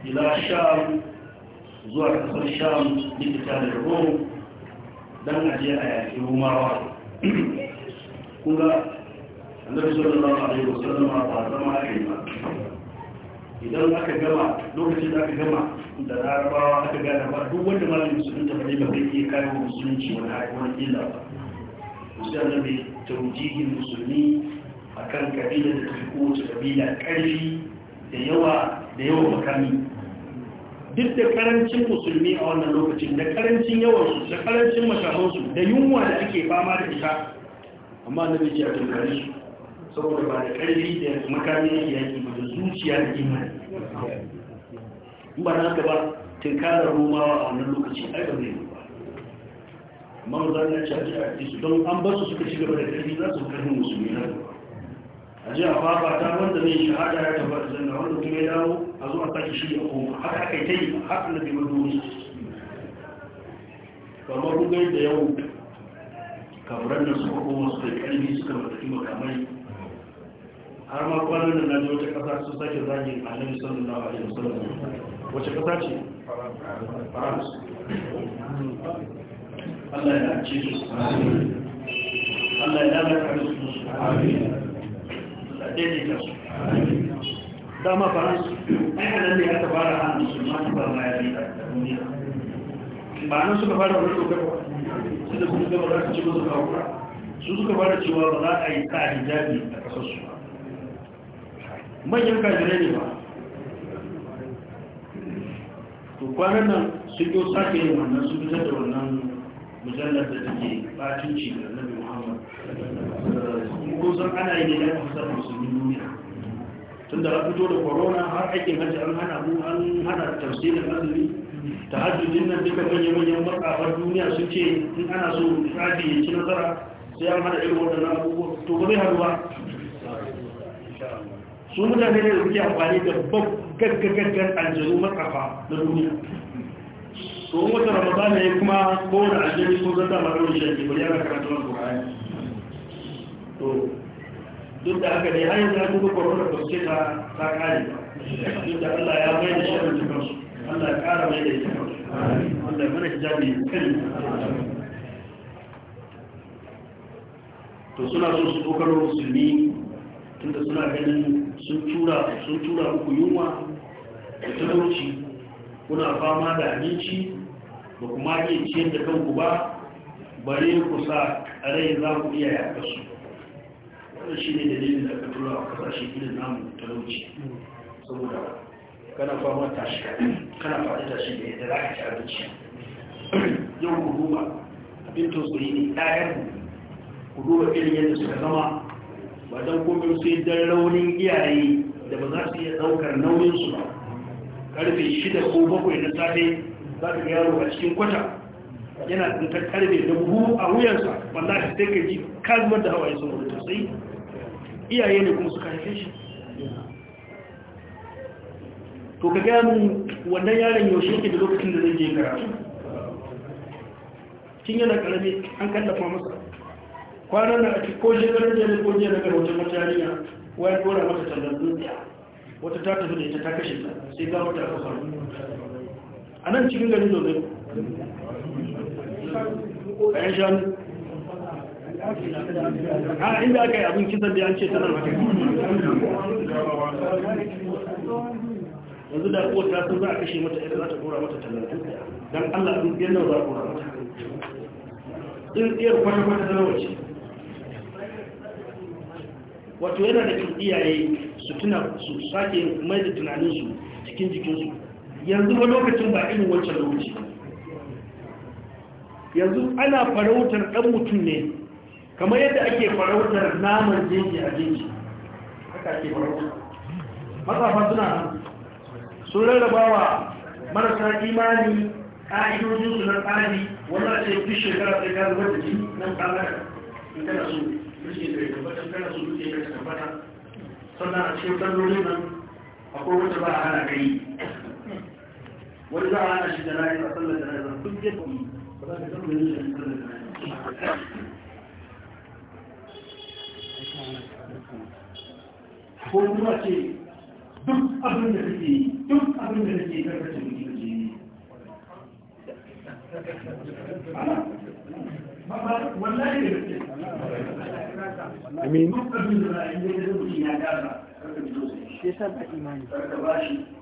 ila sham zuwa kasar sham da fita da rom don aje a yaƙi rumawa kunga a yi wasu wasallam ba zama yi ba idan aka gama lokacin da aka gama da larabawa aka gane ba duk wanda malamin musulunta ba ne ba zai iya kayan musulunci wani haƙi wani ba musamman mai taujihin musulmi a kan kabila da ke kowace kabila ƙarfi da yawa da yawa makami duk da karancin musulmi a wannan lokacin da karancin yawansu da karancin mashahunsu da yunwa da ake fama da ita amma na bai ce a tunkari su saboda ba da ƙarfi da makami yake yaki ba da zuciya da imani ba na haka ba tunkarar romawa a wannan lokacin, ai ba zai Amma ya ce a ji su don an su suka ci gaba da ƙarfi za su ƙarfin musulmi na a ji a fafa ta wanda mai shahada ya taba da zanna wanda kuma ya dawo a zuwa sake shi a koma haka aka yi ta yi haka na bai madomi kamar ruga da yau kamuran da suka koma suka yi ƙarfi suka mataki makamai har ma kwanan da na ji wata ƙasa sun sake zagin annabi sallallahu alaihi wasallam wace ƙasa ce faransa Allah ya ce su Allah ya lalata su Allah ya daidaita su dama faransu ainihin ne aka fara a musulman ba ma ya da duniya ba nan suka fara wani shugaba su da kuma gaba su ci musu kawura su suka fara cewa ba za a yi ta hijabi a kasarsu ba manyan kajirai ne ba to kwanan nan sun yi sake yin wannan sun fitar da wannan mujallar da take batunci da nabi muhammad ko san ana yi da yan fasar musulmi duniya tun da an fito da corona har aikin hajji an hana mu an hana tafsirin azumi ta hajjujin nan duka manya-manyan matsafar duniya sun ce in ana so tsafi ya ci nasara sai an hana irin waɗannan abubuwa to ba zai haɗu ba su mutane ne da suke amfani da gaggagaggar aljanu matsafa na duniya so wata ramadana ya kuma ko da aljami su zata marar shaƙi bari aka karanta wani buhari to duk da haka ne hanyar za ko kwakwara ba su ce ta kare duk da allah ya mai da shirin ta kansu allah ya kara mai da ita kansu allah ya mana hijabi kan to suna so su kokarar musulmi tunda suna ganin sun tura sun tura uku yunwa da talauci kuna fama da abinci ba kuma iya ciyar da kanku ba bare ku sa rai za ku iya yaƙa su wanda shi ne dalilin da aka tura a kasashe irin namu talauci saboda kana fama tashi kana faɗi tashi da yadda za ka ci abinci yau ku duba abin tausayi ne ɗayan ku duba irin yadda suka zama ba don komai sai don raunin iyaye da ba za su iya ɗaukar nauyinsu ba karfe shida ko bakwai na safe za ka yaro a cikin kwata yana tsintar karbe da buhu a wuyansa wallahi sai ka ji kalmar da hawaye sun wani tausayi iyaye ne kuma suka haife shi to ka gaya mu wannan yaron yaushe yake da lokacin da zai je karatu kin yana karami an kallafa masa kwanan na ake ko shekarar jami'in ko jiya daga wata matariya wayar dora mata tallar duniya wata ta tafi da ita ta kashe ta sai gawar da aka faru a nan cikin gari zozai kayan shanu a inda aka yi abin kisan da an ce tanar wata yanzu da kuwa ta sun za a kashe mata yadda za ta kura mata talatin don allah ɗin biyan nan za a kura mata ɗin tsayar kwata-kwata ta wace wato yana da iyaye su tuna su sake mai da tunaninsu cikin jikinsu yanzu ba lokacin ba irin wancan lokaci yanzu ana farautar ɗan mutum ne kamar yadda ake farautar naman jeji a jeji haka ake farautar matsafa suna nan sun rarrabawa marasa imani su na tsari wanda ce fi shekara sai ka zubar da jini nan ƙanar in kana so da ya tabbatar kana so rikin ya tabbata sannan a cikin tsallolin nan akwai wata ba a hana kai wani za a hana shi da layi a sallar da layi duk yadda ba za ka san da yin da layi ko kuma ce duk abin da kake duk abin da kake karkace mutum da jini wallahi da kake amin duk abin da da ya gaza karkace sa imani karkace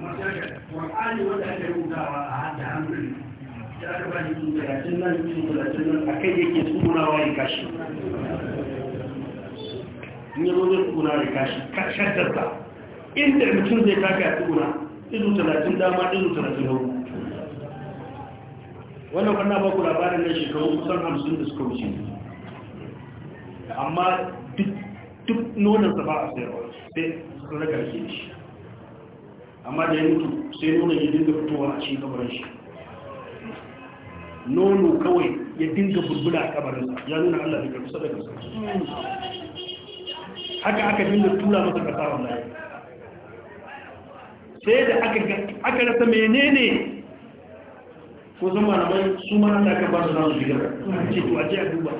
Qur'ani wanda a a kashi yi kashi inda mutum zai taka ya tsuna izu talatin dama izu talatin hau wannan kwanna ba ku labarin na shekaru kusan hamsin da suka wuce amma duk nonansa ba a sayarwa sai sun raka shi amma da ya mutu sai nuna ya dinga fitowa a cikin kabarin shi nono kawai ya dinga bulbula a kabarin ya nuna Allah bai karɓi sadaka haka aka dinga tura masa kasa wallahi sai da aka aka rasa menene ko na bai su mana da ka bada su nasu shigar ce to a je a duba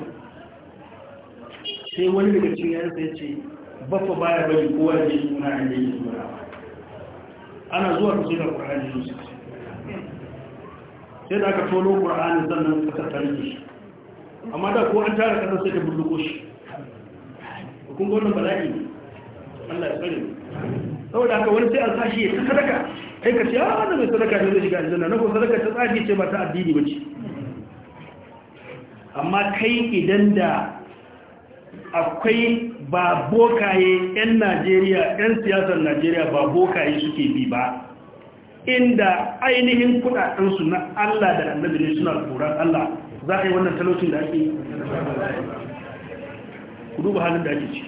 sai wani daga cikin yayin sai ce baffa baya bari kowa ya je suna an yi suna ana zuwa ka shiga ƙwararri yusuf sai da aka tolo ƙwararri zannan ƙasar tarihi. amma da ko an tara ƙasar sai ta bulluko shi hukun gwamnan bala'i ne allah ya tsare saboda aka wani sai an sashi ya ta sadaka kai ka ce a ah, wanda mai sadaka ne zai shiga aljanna na ko sadaka ta tsafi ce ba ta addini ba ce amma kai idan da akwai ba bokaye 'yan najeriya 'yan siyasar najeriya ba bokaye suke bi ba inda ainihin kudadensu na allah da annabi ne suna tsoron allah za a yi wannan talocin da ake ku duba halin da ake ci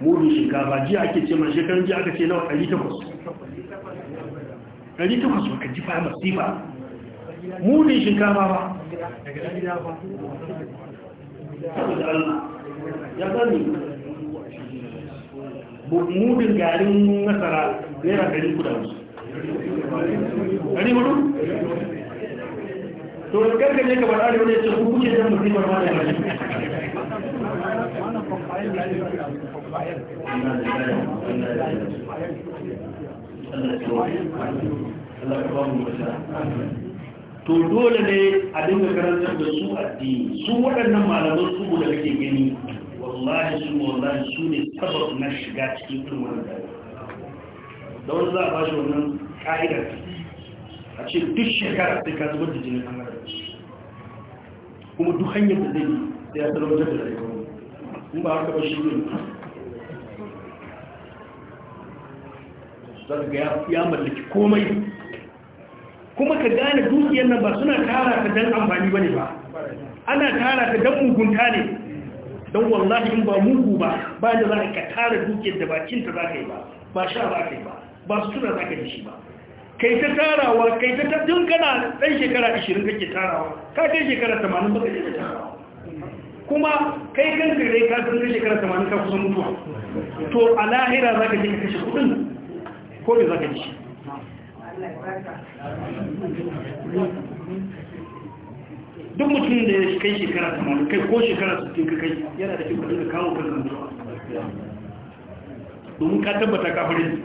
mudun shinkafa jiya ake ce man shekarun jiya aka ce nawa 800 800 ka ji fa masifa mudun shinkafa ba saboda allah ya sani mudin garin masara naira hudu to da ne ce ma da to dole ne a dinga karantar da su addini su waɗannan malaman su da kake gani wallahi su wallahi su ne sabab na shiga cikin irin da wani za a ba wannan ka'idar a ce duk shekara sai ka zubar da jini kuma duk da ba ga ya mallaki komai kuma ka gane dukiyar nan ba suna tara ta don amfani ba ne ba ana tara ta don mugunta ne don wallahi in ba mugu ba ba da za ka tara dukiyar da bakinta za ka yi ba ba sha ba ka yi ba ba su tura za ka yi shi ba kai ta tarawa kai ta tattun kana ɗan shekara 20 kake tarawa ka kai shekara 80 ba ka yi tarawa kuma kai kan dai ka san kai shekara 80 ka kusa mutuwa to a lahira za ka je ka kashe kuɗin ko me za ka shi duk mutum da ya kai shekara tamanin kai ko shekara su ka kai yana da kyau da kawo kan zantuwa domin ka tabbata kafirin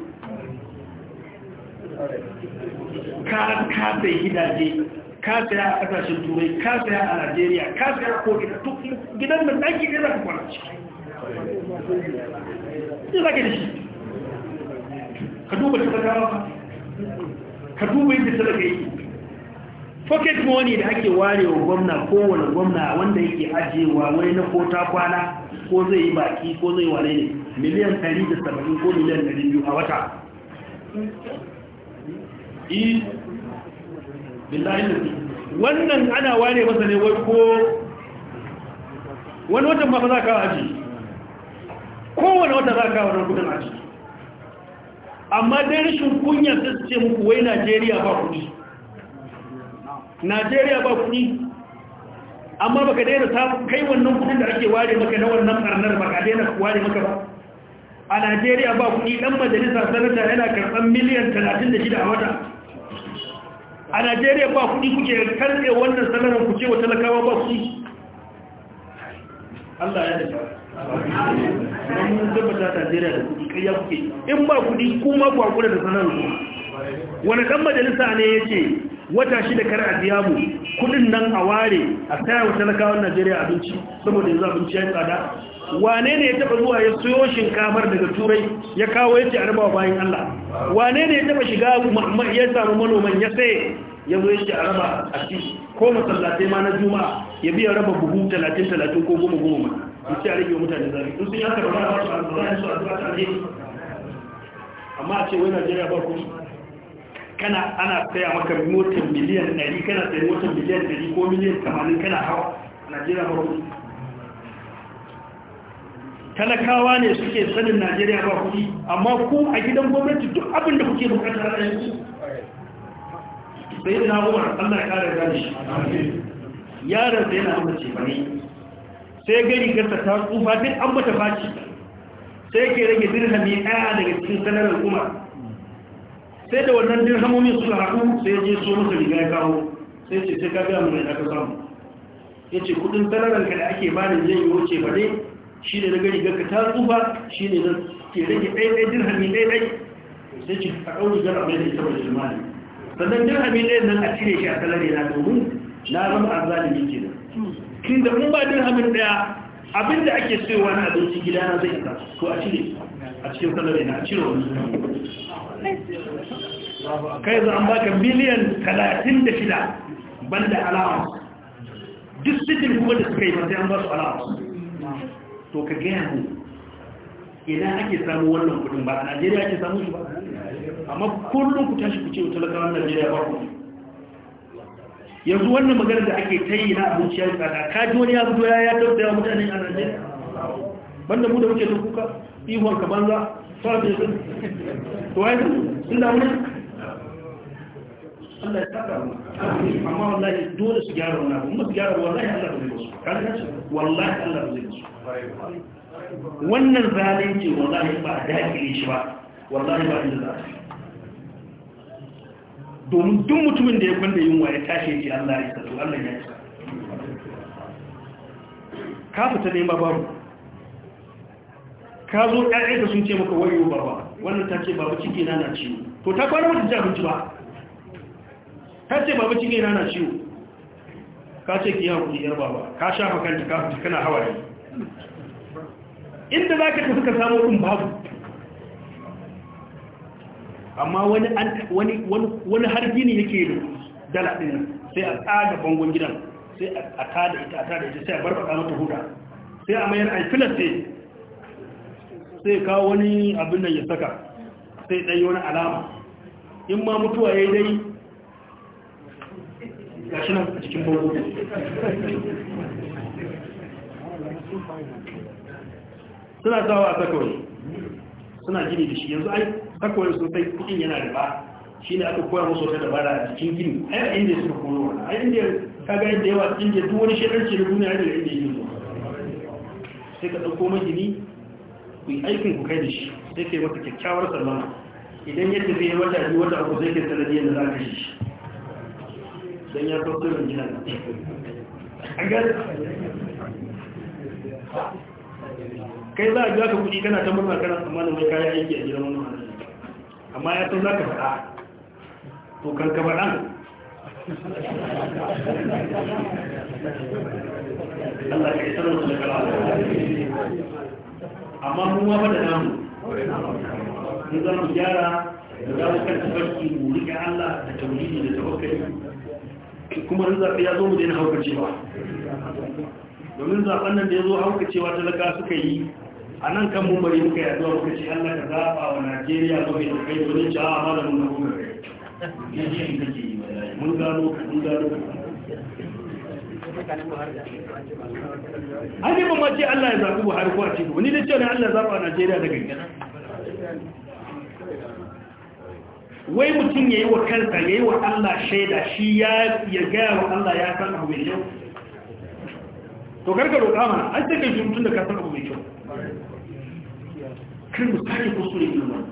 ka ka sai gidaje ka saya a kasashen turai ka saya a nigeria ka saya ko ina duk gidan da ɗaki ne za ka kwana ciki ne za ka da shi ka duba ta ka duba yadda ka yi pocket money da ake warewa gwamna kowane gwamna wanda yake ajiyewa wani na ko ta kwana ko zai yi baki ko zai wane ne miliyan 170 ko miliyan 200 a wata e, wannan ana ware masa ne wai ko wani watan ma ba za ka aji kowane wata za ka wani kudin aji amma dai rashin kunya sai su ce muku wai Najeriya ba kudi najeriya ba kuɗi amma baka daina ta kai wannan kuɗin da ake ware maka na wannan karnar baka daina ware maka ba a najeriya ba kuɗi dan majalisa sanata yana karban miliyan 36 a wata a najeriya ba kuɗi kuke karɓe wannan sanarar kuke wa talakawa ba kuɗi allah ya da mun tabbata najeriya da kuɗi kai ya kuke in ba kuɗi kuma ba kuɗi da sanarar wani ɗan majalisa ne ya ce wata shi da kar a biya mu kudin nan a ware a saya wa talakawan najeriya abinci saboda yanzu abinci ya yi tsada wane ne ya taba zuwa ya soyo shinkafar daga turai ya kawo ya ce a rabawa bayan allah wane ne ya taba shiga ya samu manoman ya saye ya zo ya ce a raba a ci ko masallatai ma na juma'a ya biya raba buhu talatin talatin ko goma goma ya ce a rage wa mutane zafi in sun yi haka da wani su a zuwa su amma a ce wai najeriya ba kuma kana ana saya maka motar miliyan 100 kana sayi motar miliyan 100 ko miliyan 80 kana hawa a najeriya ba kudi talakawa ne suke sanin najeriya ba kudi amma ku a gidan gwamnati duk abin da kuke bukatar a yanzu sai na umar allah ya kare gani shi Yaran sai na amince ba ne sai gari garta ta tsufa duk an mata faci sai ke rage dirhami ɗaya daga cikin sanarar umar sai da wannan dirhamomin su haɗu sai ya je so masa riga ya kawo sai ce sai ka biya mu da ka samu ya ce kudin tararanka da ake bani zai yi wuce ba ne shi ne na gari gaka ta tsufa shi ne na ke rage ɗaiɗai dirhami ɗaiɗai sai ce a ɗauki gara mai da ita ba da jimani sannan dirhami ɗaya nan a cire shi a talare na domin na zama a zalimi ke nan kin da mun ba dirhamin ɗaya abin da ake sayowa na abinci gida na zai isa ko a cire a cikin talare na a cire wani kai za an baka miliyan 36 banda alawa duk sitin kuma da suka yi ba sai an ba su alawa to ka gaya mu ina ake samu wannan kudin ba a najeriya ake samu shi ba amma kullum ku tashi ku ce wa talakawan najeriya ba ku yanzu wannan maganar da ake ta yi na abinci ya yi tsada ka ji wani ya fito ya ya tabbata ya mutane a najeriya banda mu da muke ta kuka ihon ka banza sauran da to wai sun Allah ya saka mu amma wallahi dole su gyara wannan abu su gyara wallahi Allah ba zai musu kan kace wallahi Allah ba zai musu wannan zalunci wallahi ba a dakile shi ba wallahi ba inda za domin duk mutumin da ya kwanda yunwa ya tashi ce Allah ya sato Allah ya ka fita ne babaru? ka zo ƴaƴanka sun ce maka wayo baba wannan ta ce babu ciki na na ciwo to ta kwana wata jabinci ba ta ce babu ciki na na ciwo ka ce ki yawon kuliyar baba ka sha makanta ka fita kana hawaye inda za ka tafi ka samu ɗin babu amma wani har ne yake da dala ɗin sai a tsaga bangon gidan sai a tada ita a tada ita sai a barbaɗa mata huda sai a mayar a sai sai kawo wani abin da ya saka sai ɗanyi wani alama in ma mutuwa ya yi dai gashi nan a cikin bango suna sawa a sakawai suna gini da shi yanzu ai sakawai sosai kuɗin yana da ba shi ne aka koya musu wata dabara a cikin gini ai a inda suka koyo wani a inda ka ga yadda yawa inda duk wani shekarci da duniya da inda yi zuwa sai ka ɗauko magini ku yi aikin ku kai da shi sai ke mata kyakkyawar sallama idan ya tafi ya wata biyu wata abu zai ke sanadiyar da za ka shi don ya zo sirrin gina an gani kai za a biya ka kuɗi kana ta murna kana tsammanin mai kayan aiki a gidan wani amma ya san za ka faɗa to kan ka faɗa Allah ya sanar da kalmar amma mu ma da namu mu za mu gyara da za mu kanta farki mu rike Allah da tauhidi da tawakkali kuma rin zaɓe ya zo mu daina haukacewa domin zaɓen nan da ya zo haukacewa talaka suka yi a nan kan mumbari muka yi zuwa muka ce Allah ka zaɓa wa Najeriya ba mai tafai domin ci a malamin na kuma kai mun gano ka mun gano an yi mamaci Allah ya zaɓi buhari ko a cikin wani da cewa Allah zaɓa a Najeriya da gangana wai mutum ya yi wa kanta ya yi wa Allah shaida shi ya gaya wa Allah ya san abu mai yau to karka roƙa mana an sai kai mutum da ka san abu mai kyau kar mu sake kusure ilmi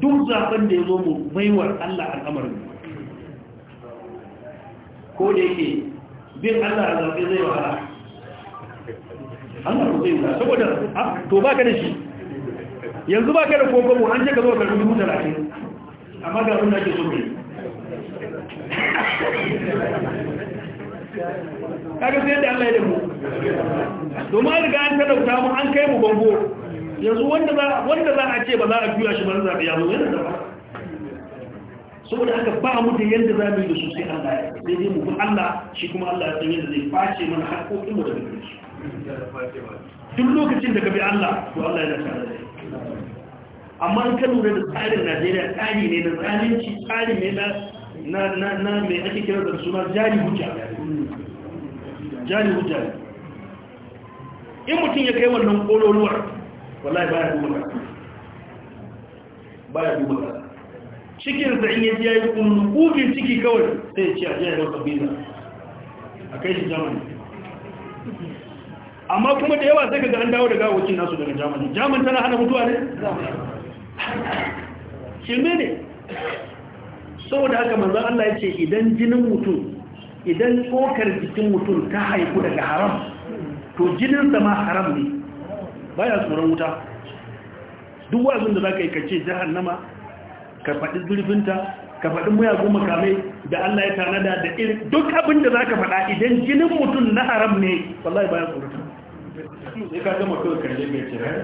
duk zaɓen da ya zo mu maiwar Allah al'amarin ko da yake bin Allah a zarfe ah, ba ka da shi yanzu ba ka da mu an je ka zo ka rubu talatin amma ga abin da ake so da Allah ya domin an riga an talauta mu an kai mu bango yanzu wanda za a ce ba za a juya shi ba biya mu yana saboda aka ba mu da yanda za mu yi da su sai Allah ya sai dai mu bi Allah shi kuma Allah ya san yadda zai face mana haƙoƙin mu da gare duk lokacin da ka bi Allah to Allah da tare da amma in ka lura da tsarin Najeriya tsari ne na zalunci tsari ne na na na mai ake kira da suna jari hujja jari hujja in mutum ya kai wannan kololuwar wallahi baya duba baya duba sa in yaji ya yi kunkugin ciki kawai sai ci a jiya da biza a kai shi jamani amma kuma da yawa sai ka ga an dawo da gawacin nasu daga jamani jaman tana hana mutuwa ne? shi ne saboda haka manzo Allah ya ce idan jinin mutum idan tsokar jikin mutum ta haiku daga haram to sa ma haram ne baya tsoron wuta duk wazin da za ka yi kace jahannama ka faɗi zurfinta ka faɗi muyagun makamai da Allah ya tanada da irin duk abin da za ka faɗa idan jinin mutum na haram ne wallahi bayan ni na ga mutum ɗaya ba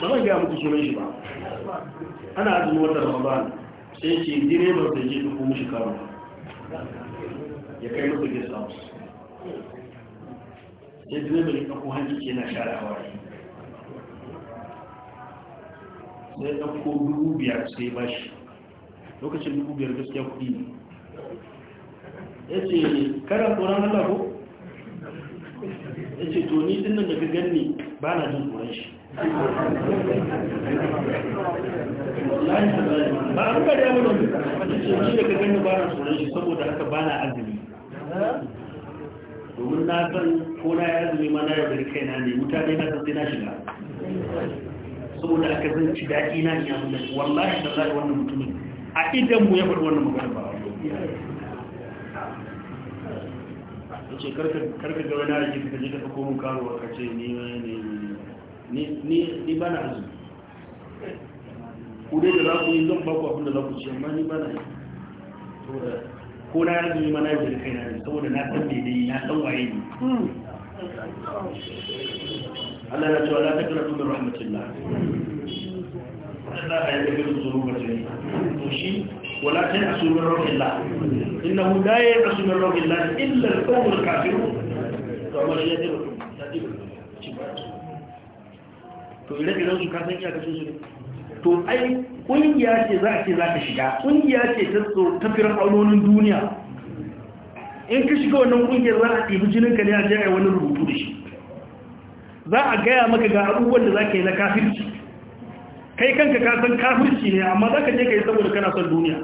zan gaya muku sunan shi ba ana azumin wata ramadan sai ce direban da ke ɗauko mushi karo ya kai masa guest house sai direban ya ɗauko hanci ke na share hawaye sai ɗauko dubu biyar sai ba shi lokacin dubu biyar gaskiya kuɗi ne ya ce karan tsoron Allah ko ya ce to ni ɗin nan da ga ganni ba na jin tsoron shi ba a ruka da yawon wata ce ni daga gani ba na tsoron shi saboda haka ba na azumi domin na san ko na ya azumi ma na yaudari kaina ne mutane na san sai na shiga saboda aka zan ci daɗi na ya mun dace wallahi da zai wannan mutumin a idan mu ya faɗi wannan magana ba yace karka karka ga wani aji ka je ka dauko mun karo ka ce ni ne ni ni bana su kudai da zaku yi zan baku abinda zaku ci amma ni bana yi ko na yanzu yi mana yi kai na yi saboda na san bebe yi na san waye ne Allah na cewa lati kira tuka rahmatin la Allah ya yi gudu zuru mace ne to shi wala ta yi asumin rohin la innahu la yi asumin rohin la illa kawul kafiru to amma shi ya ce mutum to ire-iren su kasan iyakacin su ne to ai kungiya ce za a ce za ka shiga kungiya ce ta firar aunonin duniya in ka shiga wannan kungiyar za a ɗibi jinin ka ne a jaya wani rubutu da shi za a gaya maka ga abubuwan da za ka yi na kafirci kai kanka ka san kafirci ne amma za ka je ka yi saboda kana son duniya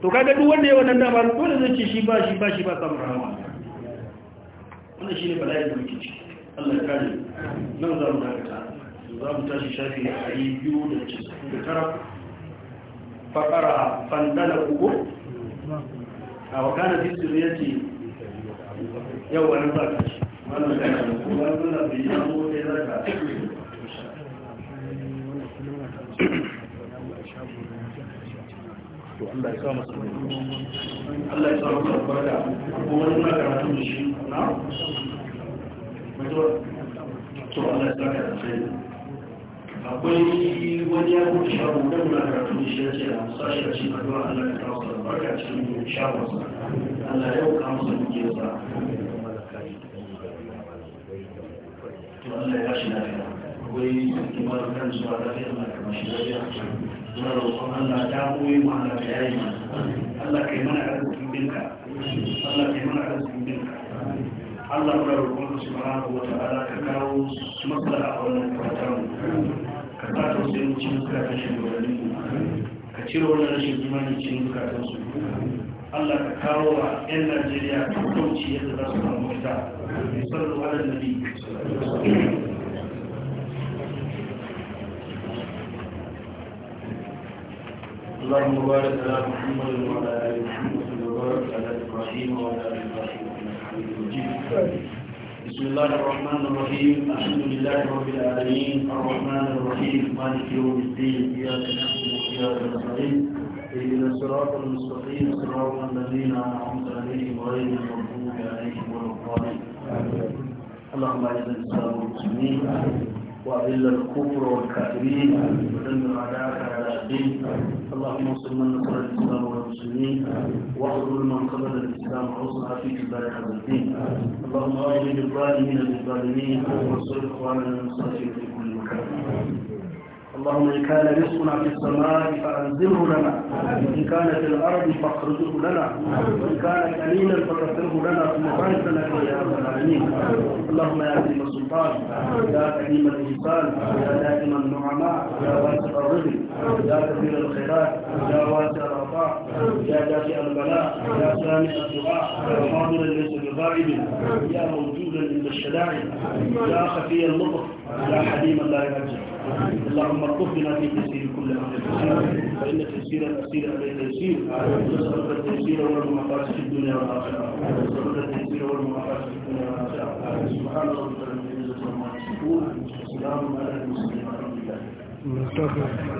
to kaga duk wanda ya wannan dama dole zai ce shi ba shi ba shi ba samun rawa wannan shi ne bala'in da muke ciki Allah ya kare nan za mu dakata za mu tashi shafi a yi biyu da cikin da tara faƙara fandala uku a wakana bisir ya ce yau wani ba ta shi wannan gana da kuma da bai yi abu da ya zaka Allah ya sa masa da ya sa muna karatu da shi na to Allah ya sa ka da shi akwai wani ya kuma shawo na muna da shi ya ce a sashi a cikin addu'a Allah ta kawo sa barka cikin shawo sa Allah yau ka musa muke sa to Allah ya shi lafiya akwai kimar kan zuwa lafiya Allah ka mashi lafiya muna roƙon Allah ta koyi mu Allah ka yayi mana Allah ka yi mana arzikin binka Allah ka yi mana arzikin ka. Allah muna roƙon ka subhanahu wa ta'ala ka kawo matsala a wannan kwata mu ka sa ta wasu yin cin ka ta shugabanni ka cire wannan rashin imani cin ka ta su Allah ka kawo wa 'yan Najeriya kauce yadda za su samu fita sallu ala nabi اللهم بارك على محمد وعلى ال محمد وبارك على ابراهيم وعلى ال ابراهيم بسم الله الرحمن الرحيم الحمد لله رب العالمين الرحمن الرحيم مالك يوم الدين اياك نعبد واياك نستعين اهدنا الصراط المستقيم صراط الذين انعمت عليهم غير المغضوب عليهم ولا الضالين اللهم اعز الاسلام والمسلمين وأذل الكفر والكافرين ودمر أعداءك على الدين اللهم صل من نصر الإسلام والمسلمين واخذل من قبل الإسلام وأصلح في كبار هذا الدين اللهم أغني بالظالمين بالظالمين وانصر إخواننا المستضعفين في كل مكان اللهم إن كان رزقنا في السماء فأنزله لنا وإن كان في الأرض فاخرجه لنا وإن كان كريما فكفره لنا ثم بارك لنا يا رب العالمين اللهم يا عظيم السلطان يا كريم الإنسان يا دائم النعماء يا واسع الرزق يا كثير الخيرات يا واسع العطاء يا دافع البلاء يا سامع الدعاء يا حاضرا ليس بغائب يا موجودا عند الشدائد يا خفي اللطف يا حليما لا يرجع اللهم ارزقنا في تيسير كل امر فان تيسير الاسير على التيسير نسالك التيسير والمعافاه في الدنيا والاخره نسالك التيسير والمعافاه في الدنيا والاخره سبحان ربك رب العزه عما يصفون وسلام على المسلمين الحمد لله